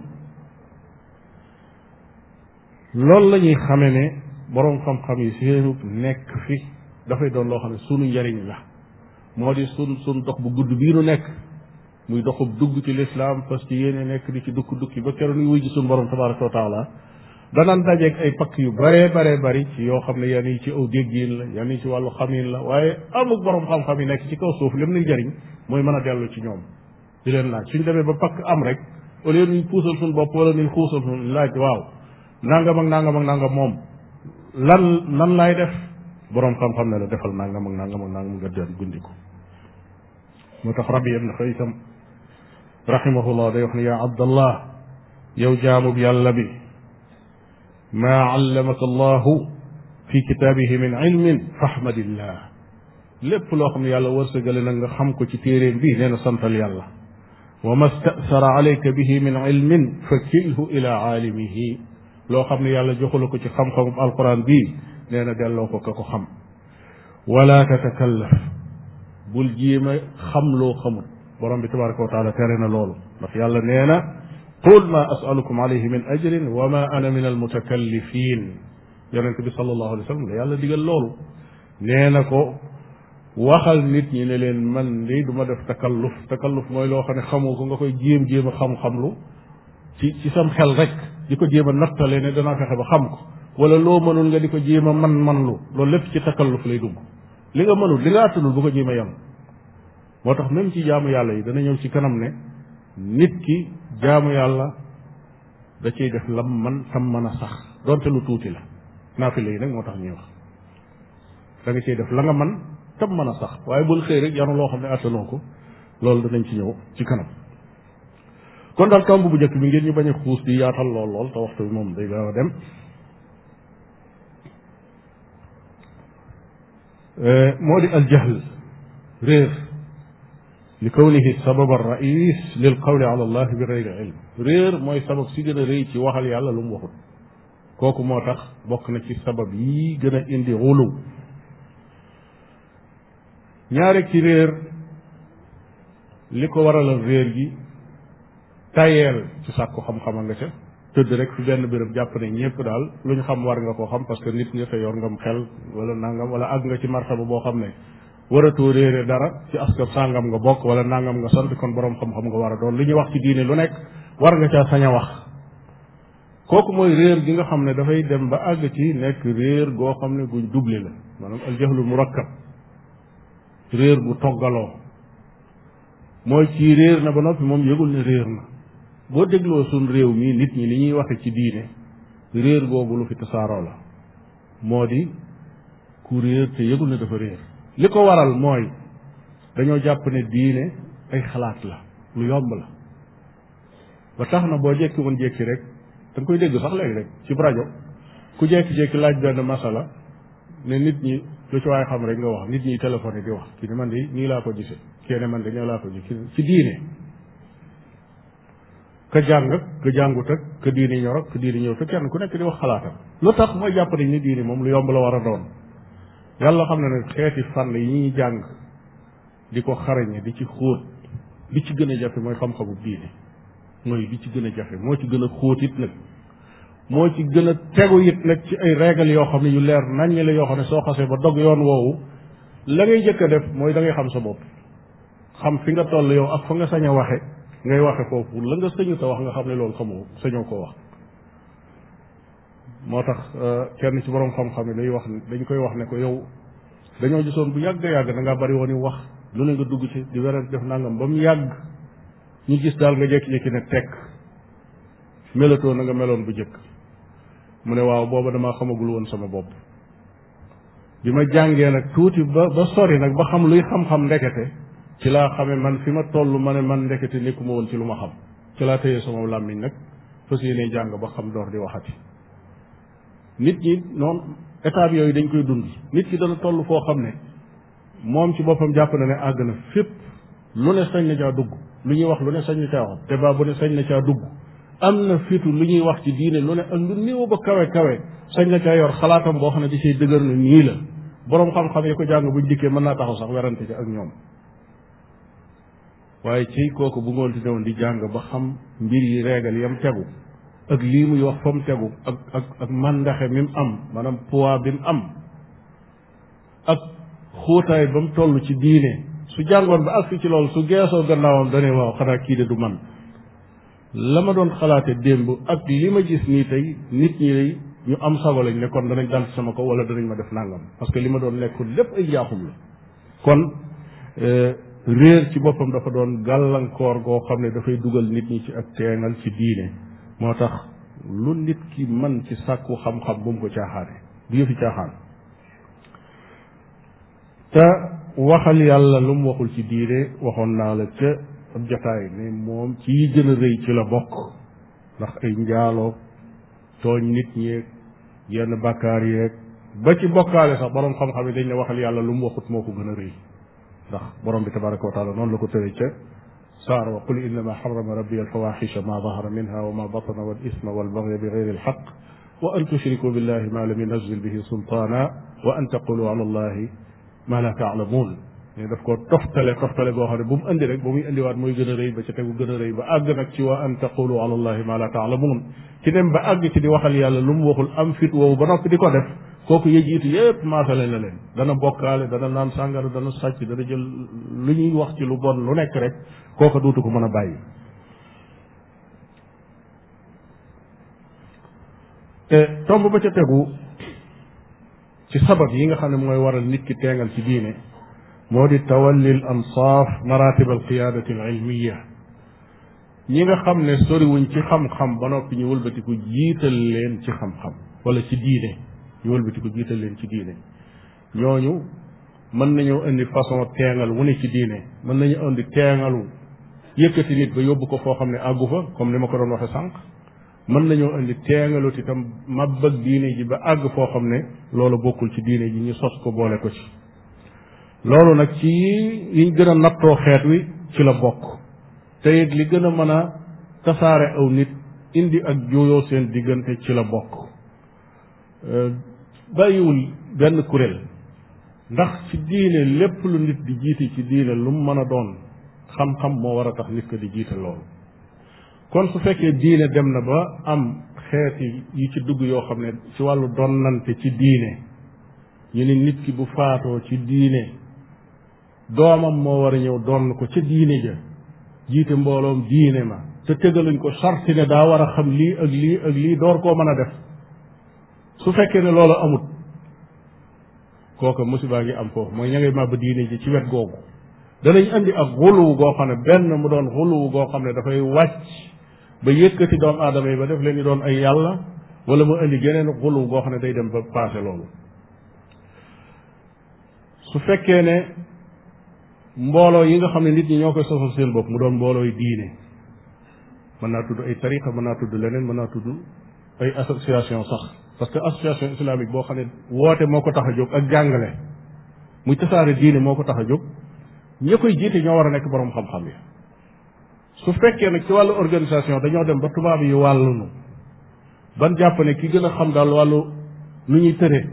loolu la ñuy xamee ne boroom xam-xam yi seenu nekk fi dafay doon loo xam ne sunu njariñ la moo di sun sun dox bu gudd bii nu nekk muy doxub dugg ci lislaam parce que yéene nekk di ci dukk dukki ba keroog ñuy wuy ji suñu borom tabaraka wa taala danaan dajeeg ay pakk yu bëree bare bari ci yoo xam ne yan yi ci aw déggiin la yan yi ci wàllu xamin la waaye amuk borom xam-xam yi ki ci kaw suuf lim jariñ mooy mën a dellu ci ñoom di leen laaj suñ demee ba pakk am rek au lieu nuy puusal suñ bopp wala nuy xuusal suñ laaj waaw nangam ak nangam ak nangam moom lan lan laay def borom xam-xam ne la defal nangam ak nangam ak nangam nga daan gundi ko moo tax rabi ibn xaysam rahimahullah day wax ne yaa abdallah yow jaamub yàlla bi maa allamaka allahu fi kitaabihi min ilmin fahmadillah lépp loo xam ne yàlla wërsëgale na nga xam ko ci téeréem bi nee na santal yàlla wa ma stasara alayka bihi min ilmin fakilhu ila aalimihi loo xam ne yàlla joxula ko ci xam-xamub alquran bii nee na delloo ko ka ko xam wala tatakallaf bul jéem a xam loo xamul borom bi tabaraka wa taala tere na loolu ndax yàlla nee na qul ma asalukum alayhi min ajrin wa ma ana min almutakallifin yonente bi sallallahu alayhi wa sallam la yàlla digal loolu nee na ko waxal nit ñi ne leen man de du ma def takalluf takalluf mooy loo xam ne xamoo ko nga koy jéem jéem a xam-xamlu ci ci sam xel rek di ko jéem a nattale ne danaa fexe ba xam ko wala loo mënul nga di ko jéem a man man lu loolu lépp ci takalluf lay dugg li ma mënul li nga àttanul bu ko jéem a yem moo tax même ci jaamu yàlla da dana ñëw ci kanam ne nit ki jaamu yàlla da ciy def lam man tam man a sax donte lu tuuti la naafile yi nag moo tax ñuy wax danga nga ciy def la nga man tam mën a sax waaye bul xëy rek yanu loo xam ne attanoo ko loolu danañ ci ñëw ci kanam kon daal tomb bu njëkk bi ngeen ñu bañ a xuus di yaatal lool lool te waxtu bi moom day gaaw a dem eh, moo di aljahl réer li kawnihi sabab ar rais lil qawli ala allah bi gayri ilm réer mooy sabab si gën a rëy ci waxal yàlla lu mu waxut kooku moo tax bokk na ci sabab yi gën a indi xulu ñaare ci réer li ko waralal réer gi tayeel ci sàkku xam-xama nga ca tëdd rek fi benn béréb jàpp na ñëpp daal lu ñu xam war nga koo xam parce que nit nga te yor ngam xel wala nangam wala àgg nga ci martaba boo xam ne waratoo réere dara ci askan sàngam nga bokk wala nangam nga sant kon borom xam-xam nga war a doon li ñuy wax ci diine lu nekk war nga caa sañ a wax kooku mooy réer gi nga xam ne dafay dem ba àgg ci nekk réer goo xam ne guñ doublé la maanaam aljahlul murakkab réer gu toggaloo mooy kii réer na ba noppi moom yëgul réer na boo dégloo suñ réew mii nit ñi ni ñuy waxe ci réer googu lu fi tasaaroo la moo di ku réer te yëgul ne dafa réer li ko waral mooy dañoo jàpp ne diine ay xalaat la lu yomb la ba tax na boo jékki woon jékki rek da koy dégg sax léegi rek ci rajo ku jekki jékki laaj benn masala ne nit ñi lu ci waay xam rek nga wax nit ñi téléphoné di wax kii ne man di nii laa ko gisee kii ne man de ñoo laa ko gisee ci diine ka jàng ak ka jàngut ak ka diine ñor ak ka diine ñëw te kenn ku nekk di wax xalaatam lu tax mooy jàpp nañ ne diine moom lu yomb la war a yàlla xam ne nag xeeti fànn yi ñuy jàng di ko xarañe di ci xóot li ci gën a jafe mooy xam-xamu diine mooy bi ci gën a jafe moo ci gën a xóot it nag moo ci gën a tegu it nag ci ay régal yoo xam ne yu leer naññ la yoo xam ne soo xasee ba dog yoon woowu la ngay jëkk a def mooy da ngay xam sa bopp xam fi nga toll yow ak fa nga sañ a waxe ngay waxe foofu la nga sañu ta wax nga xam ne loolu xamoo sañoo koo wax moo tax euh, kenn ci borom xam-xam yi day wax dañ koy wax ne ko yow dañoo gisoon bu yàgg yàgg da ngaa bari woon i wax lu ne nga dugg ci di werante def nangam ba mu yàgg ñu gis daal nga jékki-jékki ne tekk melatoo na nga meloon bu jëkk mu ne waaw booba damaa xamagul woon sama bopp bi ma jàngee nag tuuti ba ba sori nag ba xam luy xam-xam ndekete ci laa xame man fi ma toll ma ne man ndekete nekkuma woon ci lu ma xam ci laa téye sama làmmiñ nag fas yéene xam door di waxati nit ñi noonu étape yooyu dañ koy dund nit ki dana toll foo xam ne moom ci boppam jàpp na ne àgg na fépp lu ne sañ na caa dugg lu ñuy wax lu ne sañ na caa wax débat bu ne sañ na caa dugg am na fitu lu ñuy wax ci diine lu ne ak lu néew ba kawe kawe sañ na caa yor xalaatam boo xam ne di say dëgër na nii la boroom xam-xam yi ko jàng buñ dikkee mën naa taxaw sax werante ci ak ñoom waaye ci kooku bu ngoon ti ñëwoon di jàng ba xam mbir yi reegal yam tegu ak lii muy wax fa mu tegu ak ak ak màndaxe mi mu am manam poids bi mu am ak xóotaay ba mu toll ci diine su jàngoon ba agsi ci loolu su geesoo gannaawam dane waaw xanaa kii de du man la ma doon xalaate démb ak li ma gis nii tey nit ñi day ñu am sago lañ ne kon danañ dal sama ko wala danañ ma def nàngam parce que li ma doon nekkoon lépp ay njaaxum la kon euh, réer ci boppam dafa doon gàllankoor goo xam ne dafay dugal nit ñi ci ak teengal ci diine moo tax lu nit ki man ci sàkku xam-xam bu mu ko caaxaane du yëfi caaxaan te waxal yàlla lu mu waxul ci diine waxoon naa la ca ab jotaay ne moom ci yi gën a rëy ci la bokk ndax ay njaaloo tooñ nit ñeeg yenn bàkkaar yeeg ba ci bokkaale sax boroom xam-xam yi dañ ne waxal yàlla lu mu waxut moo ko gën a rëy ndax borom bi tabaraka wa taala noonu la ko tëree ca saar wa qul innama xarama rabbi alfawaxisha ma dahara minha wa ma batana wal isma wal bagya bi gayri alxaq wa an tushriku billahi ma lam yunazil bihi sultaana wa an taqulu ala allahi ma la taalamuun ne daf ko toftale toftale boo xam ne bu mu indi rek ba muy indiwaat mooy gën a rëy ba ca tegu gën a rëy ba àgg nag ci wa an taqulu ala allahi ma la taalamuun ci dem ba àgg ci di waxal yàlla lu mu waxul am fit woowu ba noppi di ko def kooku yëj itu yëpp maasale na leen dana bokkaale dana naan sàngara dana sàcc dana jël lu ñuy wax ci lu bon lu nekk rek kooka dootu ko mën a bàyyi eh, tomb ba ca tegu ci sabab yi nga xam ne mooy waral nit ki teengal ci diine moo di tawallil ansaaf maratib al qiyaadati al ilmiya ñi nga xam ne soriwuñ ci xam-xam ba noppi ñu walbatiku jiital leen ci xam-xam wala ci diine ñu walbatiku jiital leen ci diine ñooñu mën nañoo indi façon teengal wu ne ci diine mën nañu indi teengalu yëkkati nit ba yóbbu ko foo xam ne àggu fa comme li ma ko doon waxe sànq mën nañoo indi teengalut itam màbbag diine ji ba àgg foo xam ne loolu bokkul ci diine ji ñu sos ko boole ko ci loolu nag ci yiñ gën a nattoo xeet wi ci la bokk te it li gën a mën a tasaare aw nit indi ak jooyoo seen diggante ci la bokk euh, bàyyiwul benn kuréel ndax ci diine lépp lu nit di jiiti ci diine lu mu mën a doon xam-xam moo war a tax nit ko di jiite loolu kon su fekkee diine dem na ba am xeeti yu ci dugg yoo xam ne ci wàllu donnante ci diine ñu ne nit ki bu faatoo ci diine doomam moo war a ñëw donn ko ca diine ja jiite mbooloom diine ma te tëgaluñ ko sarti ne daa war a xam lii ak lii ak lii door koo mën a def su fekkee ne loolu amut kooka baa ngi am foofu mooy ña ba màbb diine ji ci wet googu danañ andi ak xuluw goo xam ne benn mu doon xuluw goo xam ne dafay wàcc ba yëkkati doomu aadama yi ba def leen ñu doon ay yàlla wala mu andi geneen xuluw goo xam ne day dem ba passé loolu su fekkee ne mbooloo yi nga xam ne nit ñi ñoo koy sosal seen bopp mu doon mboolooy yi diine mën naa tudd ay tariqa mën naa tudd leneen mën naa tudd ay association sax parce que association islamique boo xam ne woote moo ko tax a jóg ak jàngale muy tasaare diine moo ko tax a jóg ñi koy jiite ñoo war a nekk boroom xam-xam yi su fekkee nag ci wàllu organisation dañoo dem ba tubaab yi wàllu nu ban jàpp ki gën a xam daal wàllu nu ñuy tëre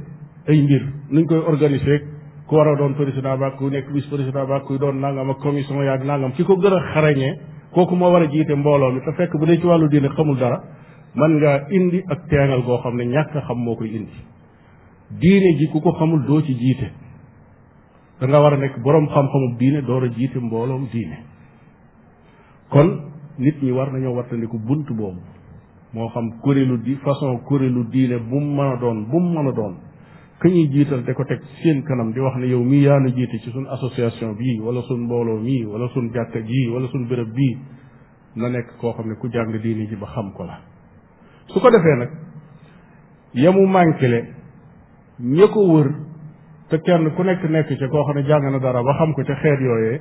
ay mbir nuñ koy organiser ku war a doon président ba ku nekk vice président ba kuy doon nangam ak commission ak nangam ki ko gën a xarañee kooku moo war a jiite mbooloo mi te fekk bu dee ci wàllu diine xamul dara man ngaa indi ak teengal boo xam ne ñàkk xam moo koy indi ko xamul doo ci jiite danga war a nekk boroom xam-xamu diine door a jiite mbooloom diine kon nit ñi war nañoo wattandiku bunt boobu moo xam kuréelu di façon kuréelu diine bu mu mën a doon bu mu mën doon ka ñuy jiital te ko teg seen kanam di wax na yow mii yaa nu jiite ci suñ association bii wala suñ mbooloo mii wala suñ jàkka jii wala suñ bërëb bii na nekk koo xam ne ku jàng diine ji ba xam ko la su ko defee nag yamu manqué le ko wër te kenn ku nekk nekk ca koo xam ne jàng na dara ba xam ko ca xeet yooyee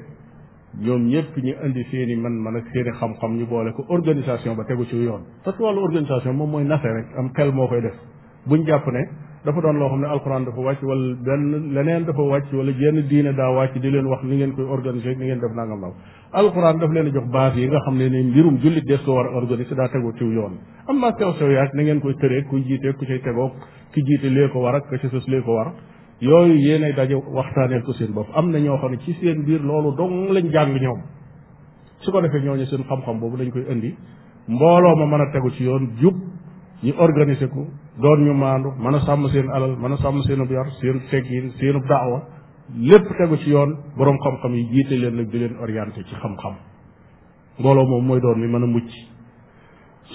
ñoom ñëpp ñu indi seen man-man ak seen i xam-xam ñu boole ko organisation ba tegu ci yoon parce que wàllu organisation moom mooy nase rek am xel moo koy def buñ jàpp ne dafa doon loo xam ne alxuraan dafa wàcc wala benn leneen dafa wàcc wala jenn diine daa wàcc di leen wax ni ngeen koy organiser ni ngeen def nangam naw alxuraan daf leen a jox base yi nga xam ne ni mbirum jullit des ko war a organiser daa tegu ci yoon am naa na ngeen koy tëree kuy jiitee ku cay tegoo ki jiite lee ko war ak ka lee ko war yooyu yéenay daje waxtaaneel ko seen bopp am na ñoo xam ne ci seen biir loolu dong lañ jàng ñoom su ko defee ñooñu seen xam-xam boobu dañ koy indi mbooloo ma mën a tegu ci yoon jub ñu organiser ko doon ñu maandu mën a sàmm seen alal mën a sàmm seenub yar seen teggin seenub daawa lépp tegu ci yoon boroom xam-xam yi jiite leen nag di leen orienté ci xam-xam mbooloo moom mooy doon mi mën a mucc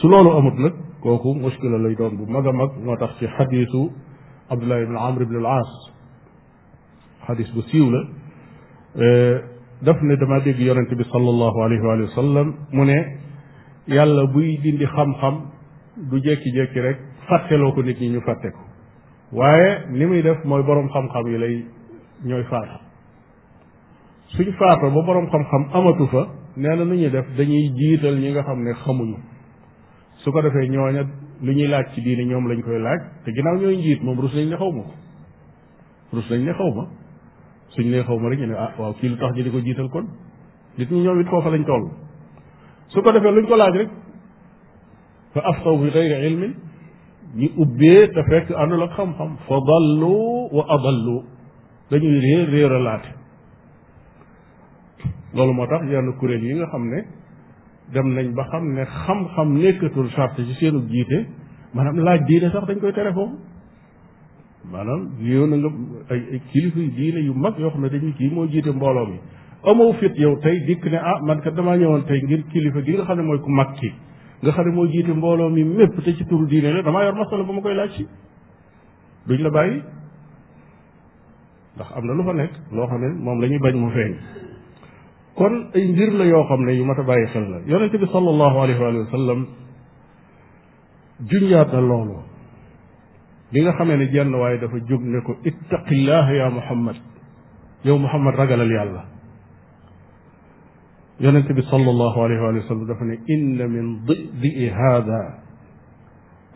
su loolu amut nag kooku muskila lay doon bu mag a mag moo tax ci xadiisu Abdullah ibn Amr ibn al xadis bu siiw la eh, daf ne dama dégg yonente bi sallallahu alayhi wa sallam mu ne yàlla buy dindi xam-xam du jékki-jékki rek fàtteloo ko nit ñi ñu fàtte ko waaye ni muy def mooy boroom xam-xam yi lay ñooy faatu suñ faatoo ba boroom xam-xam amatu fa nee na lu ñuy def dañuy jiital ñi nga xam ne xamuñu su ko defee ñooña lu ñuy laaj ci diini ñoom lañ koy laaj te ginnaaw ñooy njiit moom rus nañ ne xaw ma ko rus nañ ne xaw ma suñ nee xaw ma rek ñu ne ah waaw kii lu tax ñu di ko jiital kon nit ñi ñoom it foofa lañ toll su ko defee luñ ko laaj rek fa aftaw bi gayri ilmin ñu ubbee te fekk àndul ak xam-xam fa dallu wa adallu dañuy réer réeralaate loolu moo tax yenn kuréel yi nga xam ne dem nañ ba xam ne xam-xam nekkatul charte ci seenu jiite maanaam laaj diine sax dañ koy tere foofu maanaam ñëw na nga ay kilifa yu diine yu mag yoo xam ne dañuy kii moo jiite mbooloo mi amoo fit yow tey dikk ne ah man kat damaa ñëwoon tey ngir kilifa gi nga xam ne mooy ku mag ki nga xam ne moo jiite mbooloo mi mépp te ci turu diine la damaa koy laaj si la bàyyi ndax am na lu fa nekk loo moom lañuy bañ mu feeñ kon ay mbir la yoo xam ne yu ma a bàyyi xel la yonente bi sallallahu alayhi wa sallam juñjaat na loolu bi nga xamee ne jenn waaye dafa jóg ne ko ittaqillah ya muhammad yow muhammad ragalal yàlla yonente bi sallallahu alayhi wa sallam dafa ne inna min didi hada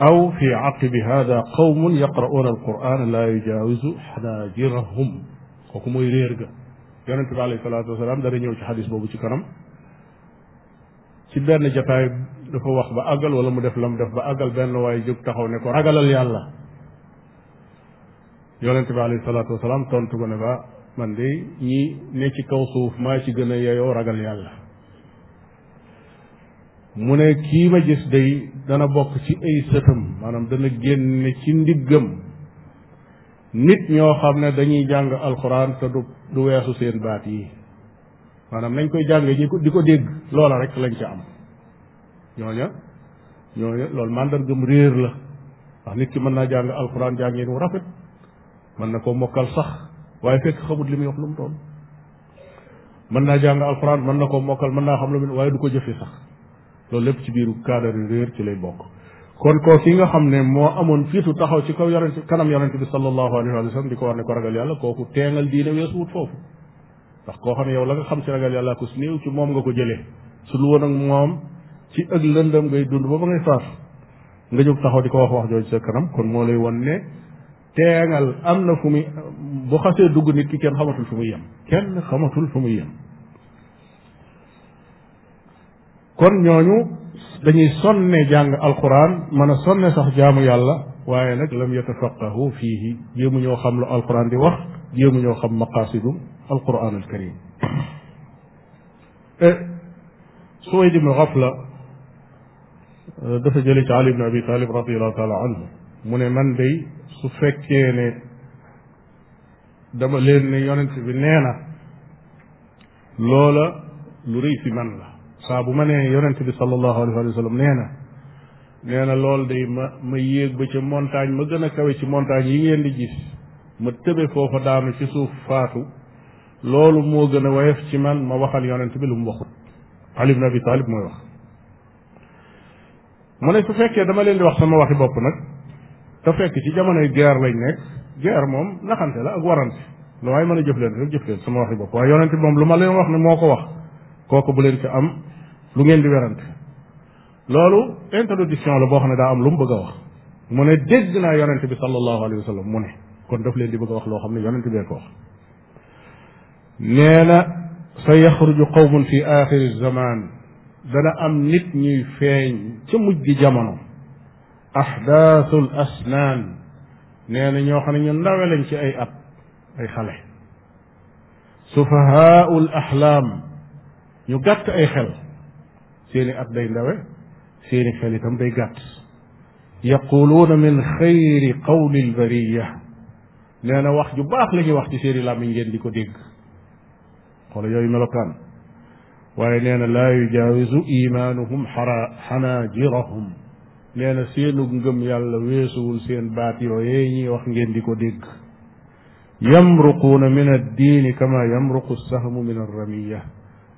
aw fi aqibi hada qawmun yaqra'una alquran la yujawizu xanaajirahum kooku mooy réer ga yonente bi alayhi salatu wasalaam dana ñëw ci xadis boobu ci kanam ci benn jataay dafa wax ba àggal wala mu def la mu def ba àggal benn waaye jóg taxaw ne ko ragalal yàlla yonent bi alayhi salaatu wasalaam tontu ko ne ba man de ñi ne ci kaw suuf maa ci gën a yeyoo ragal yàlla mu ne kii ma gis day dana bokk ci ay sëtam maanaam dana génne ci ndiggam nit ñoo xam ne dañuy jàng alxuraan te du weesu seen baat yi maanaam nañ koy jàngee ñi ko di ko dégg loola rek lañ ca am ñooña ñooña loolu màndargam réer la ndax nit ki mën naa jàng alxuraan jàngeen wu rafet mën na koo mokkal sax waaye fekk xamut li muy wax lu mu doon mën naa jàng alxuraan mën na koo mokkal mën naa xam lu mu waaye du ko jëfe sax loolu lépp ci biiru yu réer ci lay bokk kon koo ki nga xam ne moo amoon fiitu taxaw ci kaw yonente kanam yonente bi sallallahu alayhi wa sallam di ko war ne ko ragal yàlla kooku teengal diine weesu wut foofu ndax koo xam ne yow la xam ci yàlla ko su néew moom nga ko jëlee su lu woon ak moom ci ak lëndëm ngay dund ba ba ngay faaf nga jóg taxaw di ko wax wax jooju sa kanam kon moo lay won ne teengal am na fu muy bu xasee dugg nit ki kenn xamatul fu muy yem kenn xamatul fu muy yem kon ñooñu sonne jàng alquran mën a sonne sax jaamu yàlla waaye nag lam yatafaqahu fiihi mu ñoo xam lu alquran di wax jéemu ñoo xam maqasidum alquran alkarim eh, Suwayd ibnu Xafla eh, dafa jële ci Ali ibnu Abi Talib radiallahu taala anhu mu man day su fekkee ne dama leen ne yonent bi nee na loola lu rëy si man la saa bu ma nee yonent bi sallallahu alayhi wa nee na nee na lool de ma ma yéeg ba ca montagne ma gën a kawe ci montagne yi ngeen li gis ma tëbe foofa daanu ci suuf faatu loolu moo gën a woyof ci man ma waxal yonent bi lu mu waxut Ali ibn Abi Talib mooy wax mu ne su fekkee dama leen di wax sama waxi bopp nag te fekk ci jamonoy guerre lañ nekk guerre moom naxante la ak warante lu waaye mën a jëf leen rek jëf leen sama waxi bopp waaye yonente moom lu ma leen wax ne moo ko wax kooku bu leen ci am lu ngeen di werante loolu introduction la boo xam ne daa am lu mu bëgg a wax mu ne dégg naa yonente bi sallallahu alayhi wa mu ne kon daf leen di bëgg a wax loo xam ne yonente bee ko wax nee na sa yaxruju qawmun fi axiri zaman dana am nit ñuy feeñ ci mujj gi jamono ahdaathul asnaan nee na ñoo xam ne ñu ndawe lañ ci ay at ay xale sufahaul ahlaam ñu gàtt ay xel seeni at day ndawe seeni xel itam day gàtt yaquluuna min xayri qawli albariya nee na wax ju baax la ñuy wax ci seeni làmmiñ ngeen di ko dégg xoola yooyu melokaan waaye nee na laa yujaawisu imaanuhum xara xanaajirahum nee na seenu ngëm yàlla weesuwul seen baat yooyee ñuy wax ngeen di ko dégg na min addiini kama yamruqu sahmu min arramiya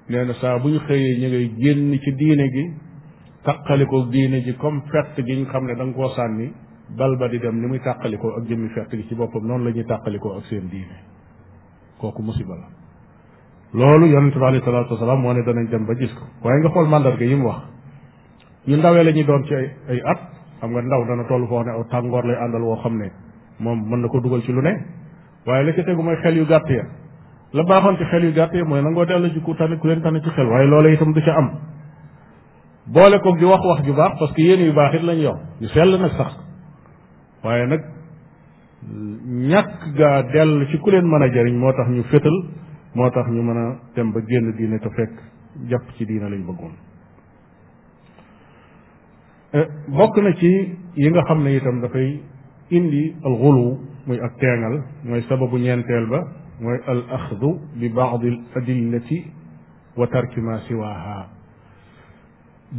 nee na saa ñu xëyee ñu ngay génn ci diine gi taqalikoo diine ji comme fett gi ñu xam ne da nga koo sànni bal ba di dem ni muy tàqalikoo ak jëmmi fett gi ci boppam noonu la ñuy tàqalikoo ak seen diine kooku musiba la loolu yonente bi alayhi salaatu wasalaam moo ne danañ dem ba gis ko waaye nga xool mandarga yi mu wax ñu ndawee la ñuy doon ci ay at xam nga ndaw dana toll foo ne aw tàngoor lay àndal woo xam ne moom mën na ko dugal ci lu ne waaye la ca tegu mooy xel yu gàtt ya la baaxoon ci xel yu gàtt ya mooy nangoo dellu ji ku tane ku leen tane ci xel waaye loola itam du ca am boole koog di wax baax parce que yu baax it lañ yow sell nag sax waaye nag ñàkk gaa dell ci ku leen mën a jariñ moo tax ñu fétal moo tax ñu mën a dem ba génn diine te fekk jàpp ci diine lañ bëggoon Euh, bokk na ci yi nga xam ne itam dafay indi al xulu muy ak teengal mooy sababu ñeenteel ba mooy al axdu bi baadi al adillati wa tarki ma siwaha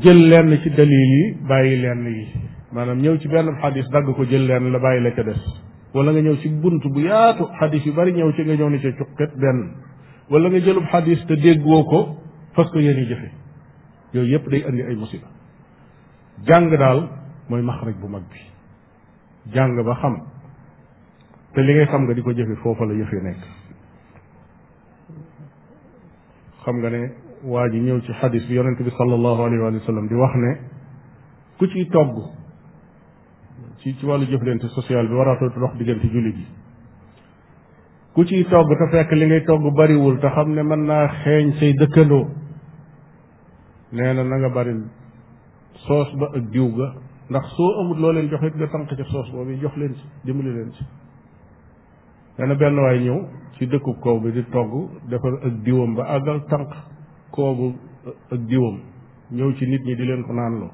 jël lenn ci dalil yi leen lenn yi maanaam ñëw ci benn xadis dagg ko jël leen la bàyyi la ca des wala nga ñëw ci bunt bu yaatu xadis yu bari ñëw ci nga ñëw na ca cuqet benn wala nga jëlub xadis te déggoo ko fas ko yéen i jëfe yooyu yépp day andi ay musiba jàng daal mooy maxraj bu mag bi jàng ba xam te li ngay xam nga di ko jëfe foofa la yëf yi nekk xam nga ne waa ji ñëw ci xadis bi yonent bi sallallahu alayhi wa sallam di wax ne ku ciy togg ci ci wàllu jëflante sociale bi waraatoo dox diggante jullit yi ku ciy togg te fekk li ngay togg bariwul te xam ne mën naa xeeñ say dëkkandoo nee na na nga bari soos ba ak diw ga ndax soo amut loo leen joxe nga tànq ca soos boobu jox leen ci dimbali leen ci nee na benn waay ñëw ci dëkku kow bi di togg defar ak diwam ba àggal tànq koobu ak diwam ñëw ci nit ñi di leen ko naan loo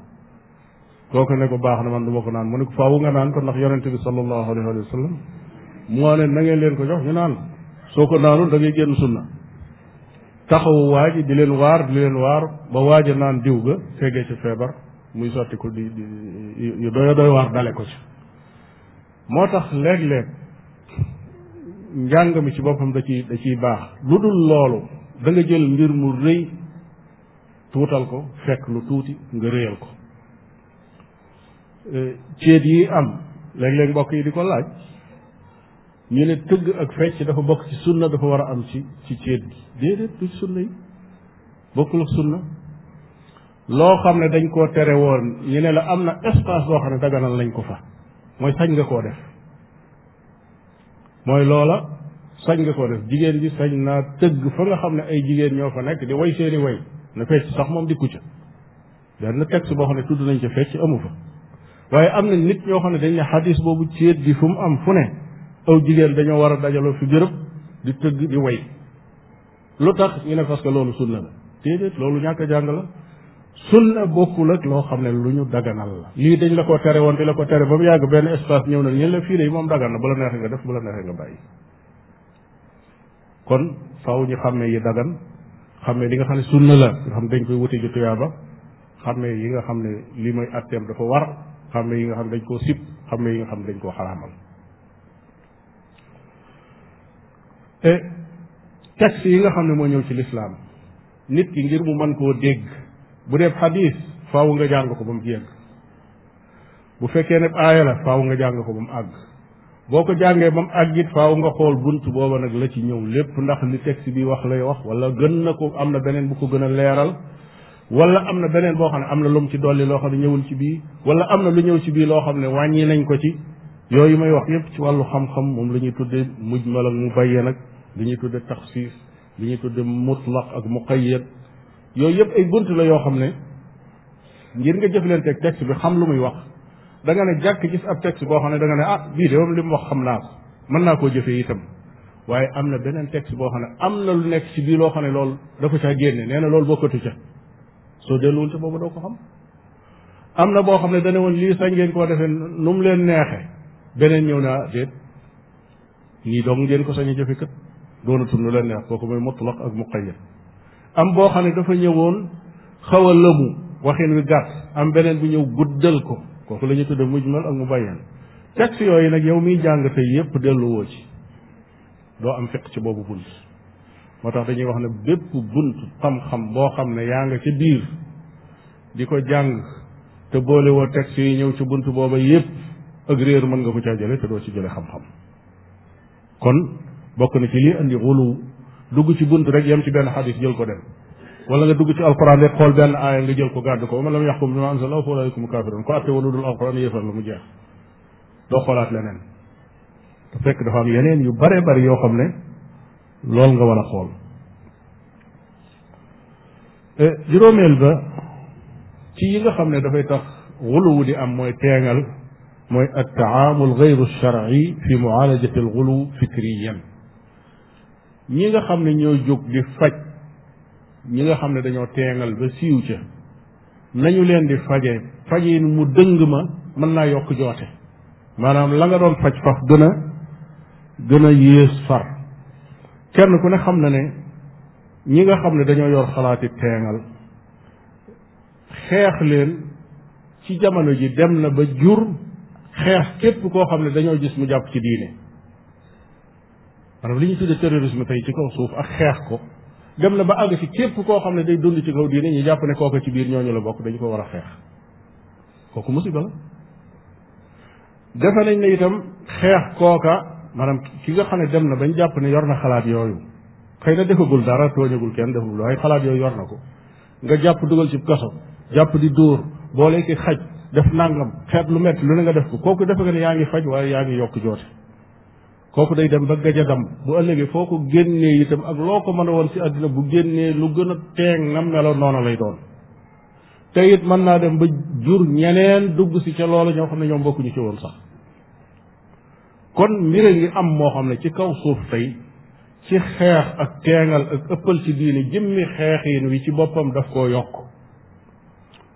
kooku ne ko baax na man du ma ko naan mu ne ko faawu nga naan ko ndax yonente bi sallallahu alayhi wa sallam moo ne na ngeen leen ko jox ñu naan soo ko naanul dangay ngay génn sunna taxawu waa ji di leen waar di leen waar ba waaj naan diw ga feggee ci feebar muy sotti ko di di doy doy waar dale ko ci moo tax léeg-léeg njàng mi ci boppam da ciy da ciy baax lu dul loolu da nga jël mbir mu rëy tuutal ko fekk lu tuuti nga réyal ko euh, ceet yi am léeg-léeg mbokk yi di ko laaj ñu ne tëgg ak fecc dafa bokk ci sunna dafa war a am ci ci ceet bi déedéet du sunna yi bokkul ak sunna loo xam ne dañ koo tere woon ñu ne la am na espace boo xam ne daganal nañ ko fa mooy sañ nga koo def mooy loola sañ nga koo def jigéen ji sañ naa tëgg fa nga xam ne ay jigéen ñoo fa nekk di way seeni woy na fecc sax moom di ca benn texte boo xam ne tudd nañ ca fecc amu fa waaye am na nit ñoo xam ne dañ ne xadis boobu céet bi fu mu am fu ne aw jigéen dañoo war a dajaloo fi béréb di tëgg di woy lu tax ñu ne parce loolu sunna la déedéet loolu ñàkk a sunna bokkul ak loo xam ne lu ñu daganal la lii dañ la ko tere woon di la ko tere ba mu yàgg benn espace ñëw na ñu la fii de moom dagan na bu la neexee nga def bu la neexee nga bàyyi kon faaw ñu xam yi dagan xam ne li nga xam ne sunna la nga xam dañ koy wuti ji tuyaaba xam ne yi nga xam ne li mooy atteem dafa war xam ne yi nga xam ne dañ koo sib xam ne yi nga xam dañ koo xaraamal te eh, texte yi nga xam ne moo ñëw ci lislaam nit ki ngir mu mën koo dégg bu dee xadis faaw nga jàng ko ba mu jeeg bu fekkee ne aaya la faaw nga jàng ko ba mu àgg boo ko jàngee ba mu àgg it faaw nga xool bunt booba nag la ci ñëw lépp ndax li texte bi wax lay wax wala gën na ko am na beneen bu ko gën a leeral wala am na beneen boo xam ne am na lu mu ci dolli loo xam ne ñëwul ci bii wala na lu ñëw ci bii loo xam ne wàññi nañ ko ci yooyu may wax yépp ci wàllu xam-xam moom la ñuy tudde mujmal ak mubayyan nag li ñuy tudd tax taxsiis li ñuy tudde mutlaq ak muqayyad yooyu yëpp ay bunt la yoo xam ne ngir nga jëflanteeg texte bi xam lu muy wax da ne jàkk gis ab texte boo xam ne da ne ah bii de moom li mu wax xam naa ko mën naa koo jëfee itam waaye am na beneen texte boo xam ne am na lu nekk ci bii loo xam ne loolu da ko caa génne nee na loolu bokkatu ca soo delluwul ca boobu doo ko xam am na boo xam ne dana woon lii sañ ngeen koo defee nu mu leen neexe beneen ñëw naa ah, déet nii doo ngeen ko sañ a jëfe kat doona lu leen neex kooku mooy mutlaq ak muqayyad am boo xam ne dafa ñëwoon xaw a lëmu waxin wi gàtt am beneen bu ñëw guddal ko kooku lañuy ñu tudde mujmal ak mubayyan texte yooyu nag yow miy jàng tey yépp delluwoo ci doo am fiq ci boobu bunt moo tax dañuy wax ne bépp bunt xam-xam boo xam ne yaa nga ci biir di ko jàng te woo texte yi ñëw ci bunt booba yépp ak réer mën nga ko caa jële te doo ci jële xam-xam kon bokk na ci lii andi xulu dugg ci bunt rek yem ci benn xadis jël ko dem wala nga dugg ci alquran rek xool benn aaya nga jël ko gàddu ko man lam yaxkum bima anzala fa ulaikum kafirun ko atte wala dul alquran yéefar la mu jeex doo xoolaat leneen te fekk dafa am yeneen yu bare bari yoo xam ne loolu nga war a xool eh, juróomeel ba ci yi nga xam ne dafay tax xuluwu di am mooy teengal mooy at taamul gayru sharci fi muaalajati al xuluw fikriyan ñi nga xam ne ñoo jóg di faj ñi nga xam ne dañoo teengal ba siiw ca nañu leen di faje fajiin mu dëng ma mën naa yokk joote maanaam la nga doon faj faf gën a gën a yées far kenn ku ne xam na ne ñi nga xam ne dañoo yor xalaati teengal xeex leen ci jamono ji dem na ba jur xeex képp koo xam ne dañoo gis mu jàpp ci diine maanaam li ñu tudde terrorisme tey ci kaw suuf ak xeex ko dem na ba àgg ci képp koo xam ne day dund ci kaw diine ñu jàpp ne kooka ci biir ñooñu la bokk dañu ko war a xeex kooku musiba la defe nañ ne itam kooka maanaam ki nga xam ne dem na bañ jàpp ne yor na xalaat yooyu xëy na defagul dara tooñagul kenn defagul waaye xalaat yooyu yor na ko nga jàpp dugal ci kaso jàpp di dóor boole ki xaj def nangam xeet lu metti lu ne nga def ko kooku defe nga ne yaa ngi faj waaye yaa ngi yokk joote kooku day dem ba gaja dam bu ëllëgee foo ko génnee itam ak loo ko mën a woon ci àddina bu génnee lu gën a teeng nam meloon noonu lay doon te it mën naa dem ba jur ñeneen dugg ci ca loolu ñoo xam ne ñoom bokkuñu ci woon sax kon mbir ngi am moo xam ne ci kaw suuf tey ci xeex ak teengal ak ëppal ci diine jëmmi xeexiin wi ci boppam daf koo yokk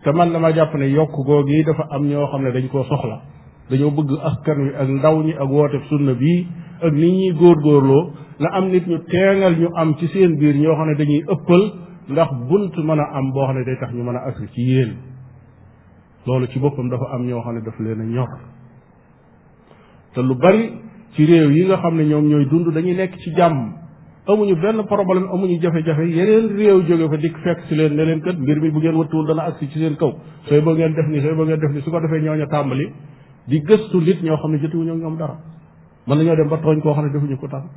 te man dama jàpp ne yokk googu yi dafa am ñoo xam ne dañ koo soxla dañoo bëgg askan wi ak ndaw ñi ak woote sunna bii ak nit góor góorloo na am nit ñu teengal ñu am ci seen biir ñoo xam ne dañuy ëppal ndax bunt mën a am boo xam ne day tax ñu mën a agsi ci yéen loolu ci boppam dafa am ñoo xam ne daf leen ñor te lu bari ci réew yi nga xam ne ñoom ñooy dund dañuy nekk ci jàmm amuñu benn problème amuñu jafe-jafe yeneen réew jóge fa dikk fekk si leen ne leen kat mbir mi bu ngeen wattuwul dana agsi ci seen kaw sooy boo ngeen def ni sooy boo ngeen def ni su ko defee ñooñu tàmbali di gëstu nit ñoo xam ne jotuwuñu ak ñoom dara mën na ñoo dem ba tooñ koo xam ne defuñu ko tam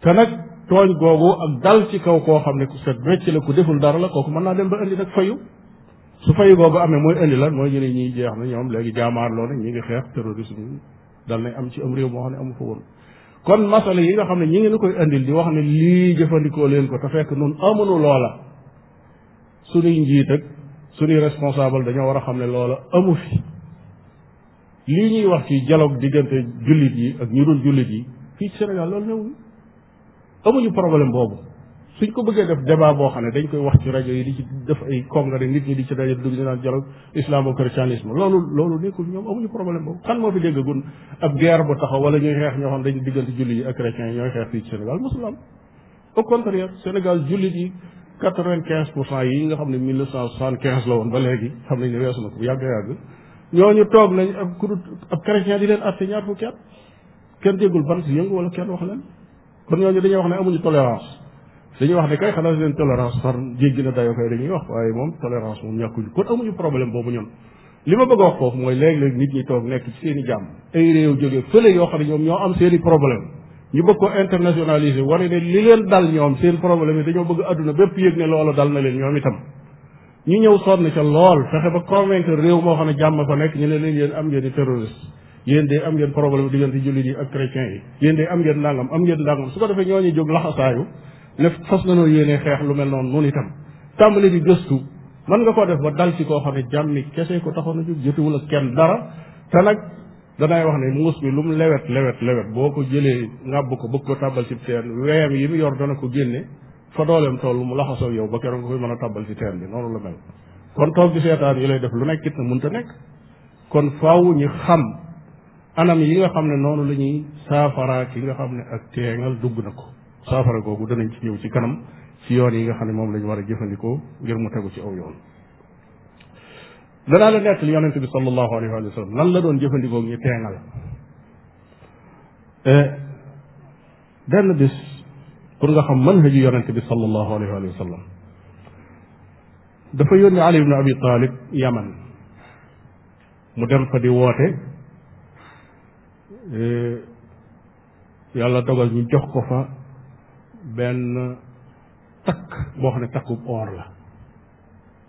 te nag tooñ googu ak dal ci kaw koo xam ne ku set wecc la ku deful dara la kooku mën naa dem ba indi nag fayu su fayu googu amee mooy indi lan mooy ñu ne ñuy jeex na ñoom léegi jaamaarloo nañ ñi ngi xeex terrorisme dal nañ am ci am réew moo xam ne amu fa woon kon masala yi nga xam ne ñi ngeen nu koy indil di wax ne lii jëfandikoo leen ko te fekk nun amunu loola suñuy njiit ak suñuy responsable dañoo war a xam ne loola amu fi lii ñuy wax ci dialogue diggante jullit yi ak ñu dul jullit yi fii ci Sénégal loolu newul amuñu problème boobu suñ ko bëggee def débat boo xam ne dañ koy wax ci rajo yi di ci def ay congrès nit ñi di ci rajo dugg di naan dialogue islamo-christianisme loolu loolu nekkul ñoom amuñu problème boobu kan moo fi déggagun ab guerre bu taxaw wala ñuy xeex ñoo xam dañ diggante jullit yi ak chrétiens yi ñooy xeex fii ci Sénégal musulam au contraire Sénégal jullit yi quatre-vingt-quinze pour cent yi nga xam ne mille neuf la woon ba léegi xam nañ ne weesu na ko ñu toog nañ ab ku ab chrétien di leen atte ñaar fukki at kenn déggul ban si yëngu wala kenn wax leen kon ñooñu dañuy wax ne amuñu tolérance dañuy wax ne kay xanaa seen tolérance par jéggi na dayoo kay dañuy wax waaye moom tolérance moom ñàkkuñu kon amuñu problème boobu ñun li ma bëgg wax foofu mooy léeg-léeg nit ñi toog nekk seeni seen i jàmm ay réew jógee fële yoo xam ne ñoom ñoo am seen i problème ñu bëgg ko internationaliser wane ne li leen dal ñoom seen problème yi bëgg adduna bépp yëg ne loolu dal na leen ñoom itam ñu ñëw sonn ca lool fexe ba convaincre réew moo xam ne jàmm fa nekk ñu ne leen yéen am ngeen di terroriste yéen de am ngeen problème diggante jullit yi ak chrétiens yi yéen de am ngeen ndàngam am ngeen ndàngam su ko defee ñooñu jóg laxasaayu ne fas nañoo yéene xeex lu mel noonu noonu itam tàmbali di gëstu man nga koo def ba dal ci koo xam ne jàmmi kese ko taxoon a jóg jotiwul ak kenn dara te nag danay wax ne muus bi lu mu lewet lewet lewet boo ko jëlee ngàbb ko bëgg ko tàbbal ci teen weem yi yor dana ko génne fa dooleem toll mu laxasoo yow ba keroog nga koy mën a tabbal ci teen bi noonu la mel kon toog bi seetaan yi lay def lu nekk it na te nekk kon faaw ñu xam anam yi nga xam ne noonu lañuy ñuy saafara nga xam ne ak teengal dugg na ko saafara googu danañ ci ñëw ci kanam ci yoon yi nga xam ne moom lañu war a jëfandikoo ngir mu tegu ci aw yoon danaa la nettali yonente bi sallallahu alayhi wa sallam nan la doon jëfandikoo ñu teengal eh, benn bis pour nga xam man haju yonente bi sallallahu alayhi wa sallam dafa yónni ali ibn abi talib yaman mu dem di woote e, yàlla dogal ñu jox ko fa benn takk boo xam ne takkub or la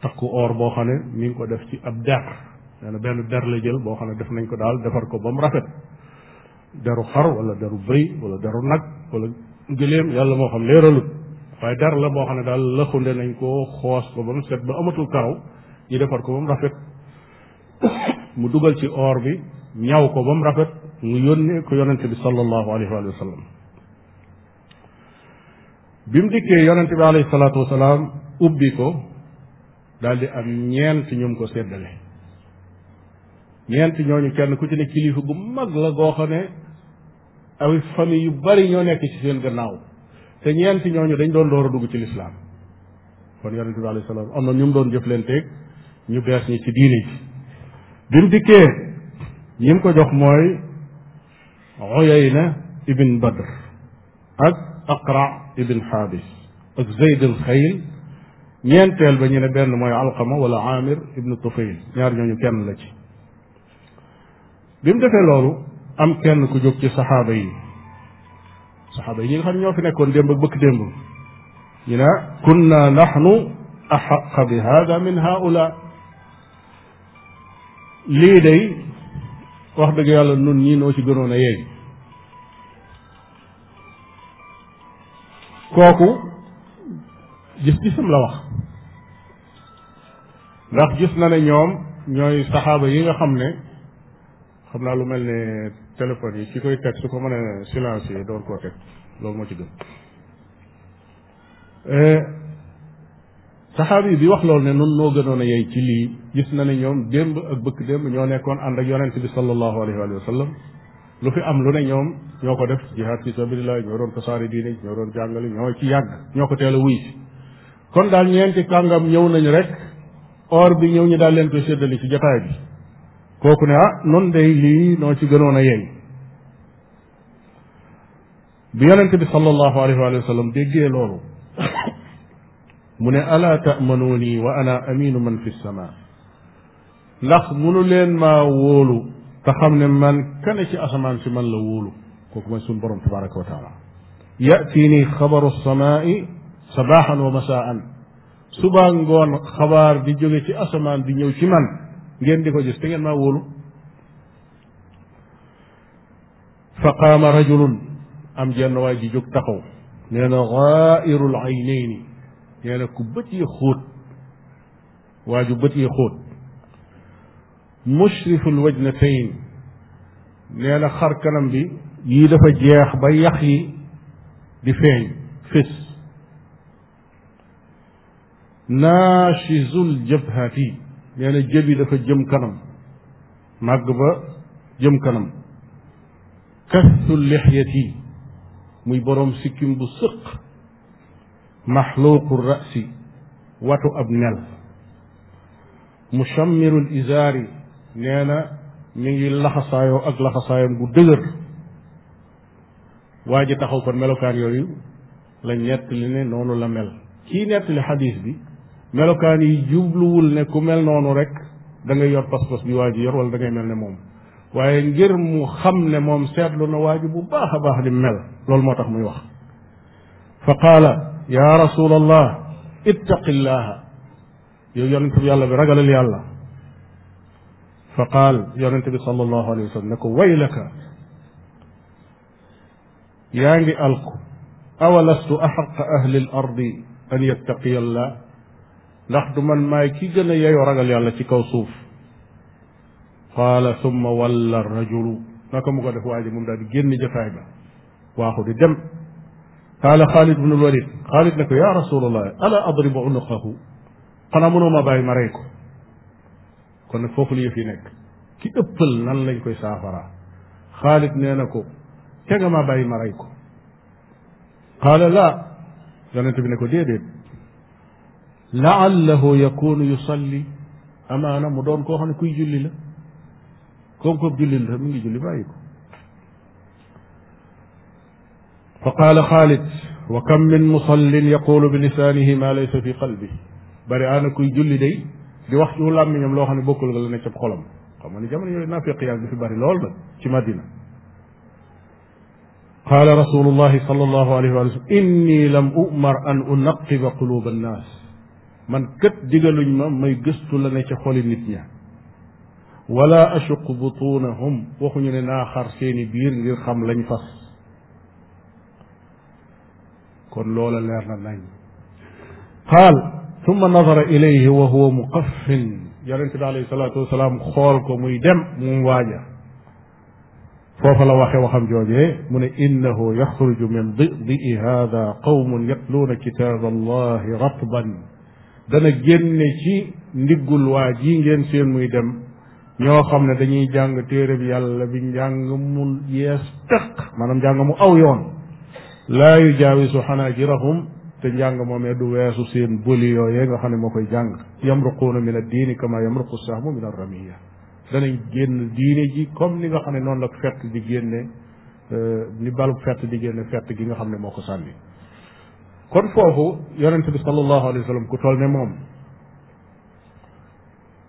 takku or boo xam ne mi ngi ko def ci ab der nee na benn der la jël boo xam ne def nañ ko daal defar ko ba mu rafet deru xar wala deru bëy wala deru nag wala gëléem yàlla moo xam leeralut waaye dara la boo xam ne daal lëxunde nañ ko xoos ko ba mu set ba amatul karaw ñu defar ko ba mu rafet mu dugal ci or bi ñaw ko ba mu rafet mu yónnee ko yonente bi sallallahu alayhi wa sallam bi ubbi ko daal di am ñeent ñum ko séddale ñeent ñooñu kenn ku ci ne kilifa gu mag la goo xam ne awi famille yu bari ñoo nekk ci seen gannaaw te ñeenti ñooñu dañ doon door a dugg ci lislaam kon yonente bi alayhi salaam am na ñu doon jëflanteeg ñu bees ñi ci diini ji bi mu dikkee ñi ko jox mooy Uyayna ibn Badr ak Aqra ibn Xaabis ak Zayd al Xayl ñeenteel ba ñu ne benn mooy Alqama wala Amir ibn Tufayl ñaar ñooñu kenn la ci bi mu loolu am kenn ku jóg ci saxaaba yi saxaaba yi ñi nga xam ñoo fi nekkoon démb ak bëkk démb ñu ne kunna naxnu axaqa bi hada min haula lii day wax dëgg yàlla nun ñii noo ci gënoon a yeey kooku gis la wax ndax gis na ñoom ñooy saxaaba yi nga xam ne xam naa lu mel ne téléphone yi ci koy teg su ko mën a doon door koo teg loolu moo ci gën eh, saxaabi bi wax loolu ne nun noo gënoon a yey ci lii gis na ne ñoom démb ak bëkk démb ñoo nekkoon ànd ak yonent bi sallallahu alayhi wa sallam lu fi am lu ne ñoom ñoo ko def jihaad fi sabilillah ñoo doon tasaari diine ñoo doon jàngale ñoo ci yàgg ñoo ko teel a wuy si kon daal ñeenti kàngam ñëw nañ rek or bi ñëw ñu daal leen koy séddali ci jataay kooku ne ah noonu day lii noo ci gënoon a yey bi yonent bi sallallahu alayhi wa sallam déggee loolu mu ne ala ta'manuni wa ana aminu man fi sama ndax munu leen maa wóolu te xam ne man kane ci asamaan si man la wóolu kooku mooy suñu borom tabaraka wa taala ya'tiini xabaru samaai sabaaxan wa masaan subaa ngoon xabaar di jóge ci asamaan di ñëw ci man ngeen di ko gis te ngeen maa wóolu fa qaama rajulun am jenn waay ji jóg taxaw nee na xaairul aynayni nee na ku bët yi xóot waa ju bët yi xóot mushriful wajnatayn nee na xar kanam bi yii dafa jeex ba yax yi di feeñ fis naashizul jabhati nee na yi dafa jëm kanam màgg ba jëm kanam kastu lixyati muy boroom sikkim bu sëq maxluuqu rasi watu ab nel mushammirul isaari nee na mi ngi laxasaayoo ak laxasaayam bu dëgër waa ji taxaw kon melokaan yooyu la nettali ne noonu la mel kii nettali xadiis bi melokaan yi jubluwul ne ku mel noonu rek da ngay yor pas bi waa ji yor wala mel ne moom waaye ngir mu xam ne moom seetlu na waa ji bu baax a baax di mel loolu moo tax muy wax fa qaala ya rasul allah ittaqillaha yow bi ragalal yàlla fa qaal yonente bi sallallahu alayhi wa sallam ne ko waylaka yaa ngi alku awalastu axaqa ahli al an yattaqiya allah ndax du man maay ki gën a yeyoo ragal yàlla ci kaw suuf qaala summa walla rajulu naka mu ko def waa ji moom daal di génn jataay ba waaxu di dem qaala xaalid bnu lwalid xaalid ne ko yaa rasulallah ala adribu unuqahu xanaa mënoo ma bàyyi ma rey ko kon nag foofu li ki ëppal nan lañ koy saafaraa xaalid nee na ko te nga ma bàyyi ma rey ko qaala laa bi ne ko déedéet laallahu yakunu yusalli amaana mu doon koo xam ne kuy julli la comme comme julli la mu ngi julli bàyyi ko fa qaala xaalid wa kam min musallin yaqulu bi lisaanihi ma laysa fi qalbi bari aana kuy julli day di wax ci làmmiñam loo xam ne bokkul nga la ne ca xolam xam nga ni jamono yooyu naafeq yaa ngi fi bari lool nag ci madina qaala rasulullahi sallallahu alayhi wa sallam inni lam umar an unaqiba quluba annaas man kët digaluñ ma may gëstu la ne ca xoli nit ña wala ashuq butunahum waxuñu ne naa xar seeni biir ngir xam lañ fas kon loola leer na nañ qaal tumma nadara ilayhi wa huwa muqaffin yonente bi alayhi salaatu wasalaam xool ko muy dem mum waaja foofa la waxe waxam joojee mu ne innahu yaxruju min didi hada qawmun yatluuna kitaab allahi ratban dana génne ci ndiggul waa ji ngeen seen muy dem ñoo xam ne dañuy jàng téere bi yàlla bi njàng mu yees tëq maanaam njàng mu aw yoon laa yu jaawisu xanaajirahum te njàng moomee du weesu seen bëli yooyee nga xam ne moo koy jàng yamruquuna min addiini kama yamruqu sahmu min arramiya danañ génn diine ji comme ni nga xam ne noonu la fett di génne euh, ni balub fett di génne fett gi nga xam ne moo ko sànni kon foofu yonent bi sallallahu alayhi wa sallam ku toll ne moom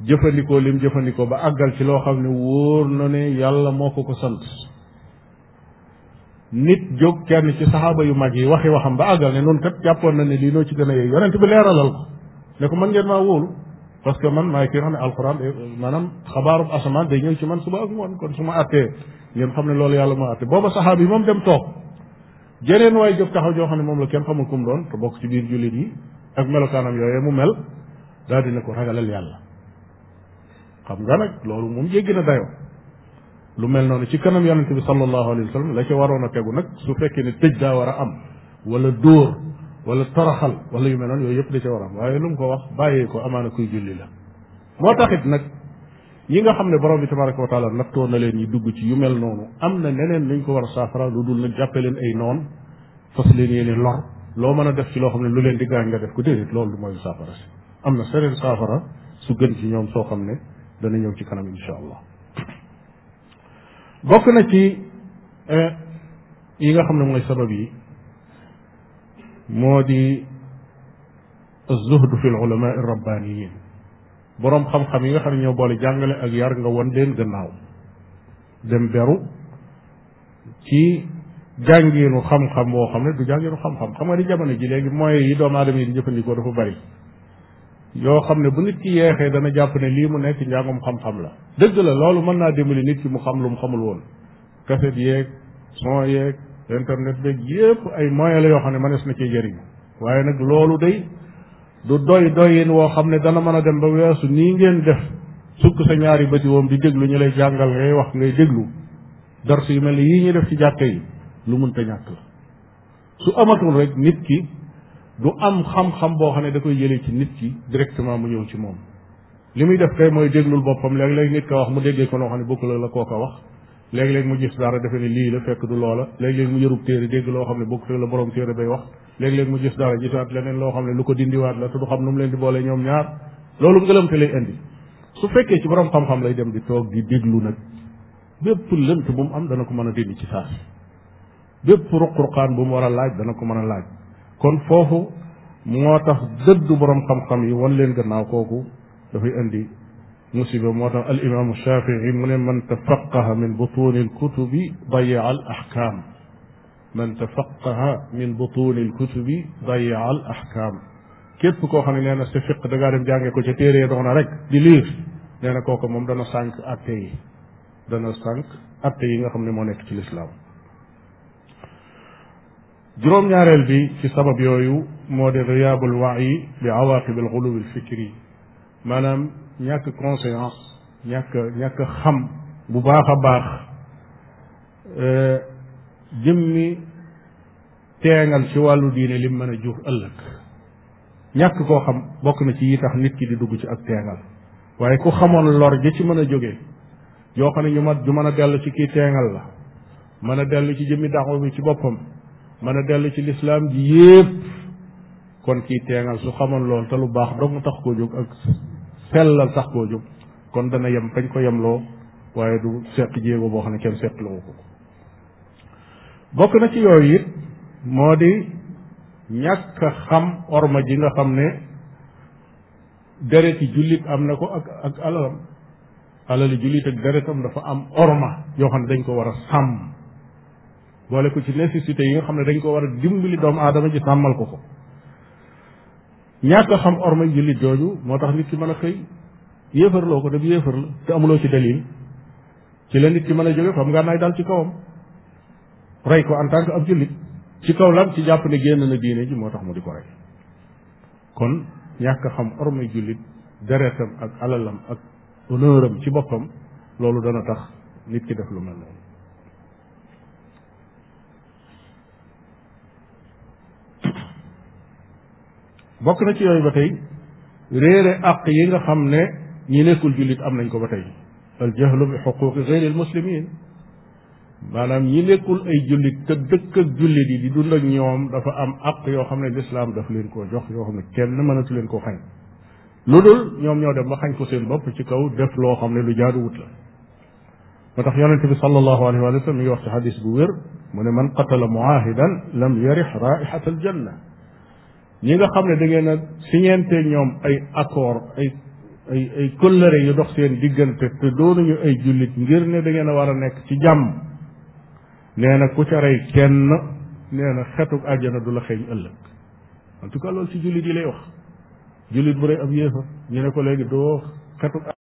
jëfandikoo lim jëfandikoo ba àggal ci loo xam ne wóor na ne yàlla moo ko ko sant nit jóg kenn ci saxaaba yu mag yi waxi waxam ba àggal ne noonu kat jàppoon na ne lii noo ci gën a yooyu yonent bi leeralal ko ne ko man ngeen maa wóolu parce que man maay kii nga xam ne alxuraan maanaam xabaarub asamaan day ñëw ci man suba ak ngoon kon su ma àttee ngeen xam ne loolu yàlla moo àtte booba saxaaba yi moom dem jeneen waay jóg taxaw joo xam ne moom la kenn xamul ku mu doon te bokk ci biir jullit yi ak melokaanam yooyee mu mel daal dina ko ragalal yàlla xam nga nag loolu moom jéggi na dayoo lu mel noonu ci kanam yonente bi sallallahu alayhi wa sallam la ci waroon a tegu nag su fekkee ne tëj daa war a am wala dóor wala toroxal wala yu mel noonu yooyu yëpp da ca war a am waaye lu mu ko wax bàyyee ko amaana kuy julli la moo taxit nag yi nga xam ne borom bi tabaraka wa taala nattoo na leen yi dugg ci yu mel noonu am na neneen nañ ko war a saafara lu dul nag jàppe leen ay noon fas leen yéene lor loo mën a def ci loo xam ne lu leen di gaañ nga def ko déedéet loolu du mooy saafara si am na sereen saafara su gën ci ñoom soo xam ne dana ñëw ci kanam insha allah bokk na ci eh, yi nga xam ne mooy sabab yi moo di az-zuhd fi al-ulama ar-rabbaniyin boroom xam-xam yi nga xam ne ñoo boole jàngale ak yar nga won leen gannaaw dem beru ci jàngiinu xam-xam boo xam ne du jàngiinu xam-xam xam nga ni jamono ji léegi moyens yi doomu adama yi di jëfandikoo dafa bari yoo xam ne bu nit ki yeexee dana jàpp ne lii mu nekk njàngum xam-xam la dëgg la loolu mën naa dimbali nit ki mu xam lu mu xamul woon kaset yeeg son yeeg internet beeg yépp ay moyens la yoo xam ne mënees na cee jëriñ waaye nag loolu day du doy doyin woo xam ne dana mën a dem ba weesu nii ngeen def sukk sa ñaari bëti woom di déglu ñu lay jàngal ngay wax ngay déglu darsu yu mel ne yii ñuy def ci jàkke yi lu munta ñàkk la su amatul rek nit ki du am xam-xam boo xam ne da koy jëlee ci nit ki directement mu ñëw ci moom li muy def kay mooy déglul boppam léeg-léeg nit ka wax mu déggee ko noo xam ne bokkul la la ko wax léeg-léeg mu gis dara defe ne lii la fekk du loola léeg-léeg mu yërub téere loo xam ne bokkul la borom téere bay wax léegi léeg mu gis dara gisaat leneen loo xam ne lu ko dindiwaat la te du xam nu mu leen di boole ñoom ñaar loolu ngëlëmte lay indi su fekkee ci borom xam-xam lay dem di toog di déglu nag bépp lënt bu mu am dana ko mën a dindi ci saa si bépp ruq-ruqaan bu mu war a laaj dana ko mën a laaj kon foofu moo tax dëddu borom xam-xam yi wan leen gannaaw kooku dafay indi musiba moo tax al imaamu shafii mu ne man tafaqaha min butuni al kutubi dayaa al ahkam man tafaqaha min butuni alkutubi dayaa al ahkam képp koo xam ne nee na sa fiq da ngaa dem jànge ko ca téere doona rek di liir nee na kooku moom dana sànq atte yi dana sànq atte yi nga xam ne moo nekk ci lislaam juróom-ñaareel bi ci sabab yooyu moo di riyaabul wayi bi awaqib al xulubi al fikri maanaam ñàkk conscience ñàkk ñàkk xam bu baax a baax euh, jëmmi teengal ci wàllu diine li mën a jur ëllëg ñàkk koo xam bokk na ci yi tax nit ki di dugg ci ak teengal waaye ku xamoon loor ji ci mën a jógee yoo xam ne ñu mat mën a dellu ci kii teengal la mën a dellu ci jëmmi daxu bi ci boppam mën a dellu ci lislaam ji yépp kon kii teengal su xamoon lool te lu baax dong tax koo jóg ak sellal tax koo jóg kon dana yem fañ ko yemloo waaye du seq jéego boo xam ne kenn seqloo ko bokk na ci yooyu it moo di ñàkk a xam orma ji nga xam ne dereti jullit am na ko ak ak alalam alali jullit ak deretam dafa am orma yoo xam ne dañ ko war a sàmm boole ko ci nécessité yi nga xam ne dañ ko war a dimbali doomu aadama ji sàmmal ko ko ñàkk xam orma jullit jooju moo tax nit ki mën a xëy yéefarloo ko def yéefar la te amuloo ci dalil ci la nit ki mën a jóge fam nga naay dal ci kawam rey ko en tant jullit ci kaw lan ci jàpp ne génn na diine ji moo tax mu di ko rey kon ñàkk xam ormay jullit deretam ak alalam ak honneuram ci boppam loolu dana tax nit ki def lu mel noonu bokk na ci yooyu ba tey réere àq yi nga xam ne ñi nekkul jullit am nañ ko ba tey al jahlu bi xuquqi gayri al muslimin maanaam ñi nekkul ay jullit te dëkk ak jullit yi di dund ak ñoom dafa am àq yoo xam ne lislaam def leen ko jox yoo xam ne kenn mënatu leen ko xañ lu dul ñoom ñoo dem ba xañ ko seen bopp ci kaw def loo xam ne lu jaaduwut la moo tax yonente bi sallallahu alayhi wa sallam mi ngi wax ci xadis bu wér mu ne man qatala muahidan lam yarix raixat al janna ñi nga xam ne da ngeen a siñeente ñoom ay accord ay ay ay kóllëre yu dox seen diggante te doonuñu ay jullit ngir ne da ngeen a war a nekk ci jàmm nee na ku ca rey kenn nee na xetug àjjana du la xeeñ ëllëg en tout ci jullit yi lay wax jullit bu rey ab yéefar ñu ko léegi doo xetug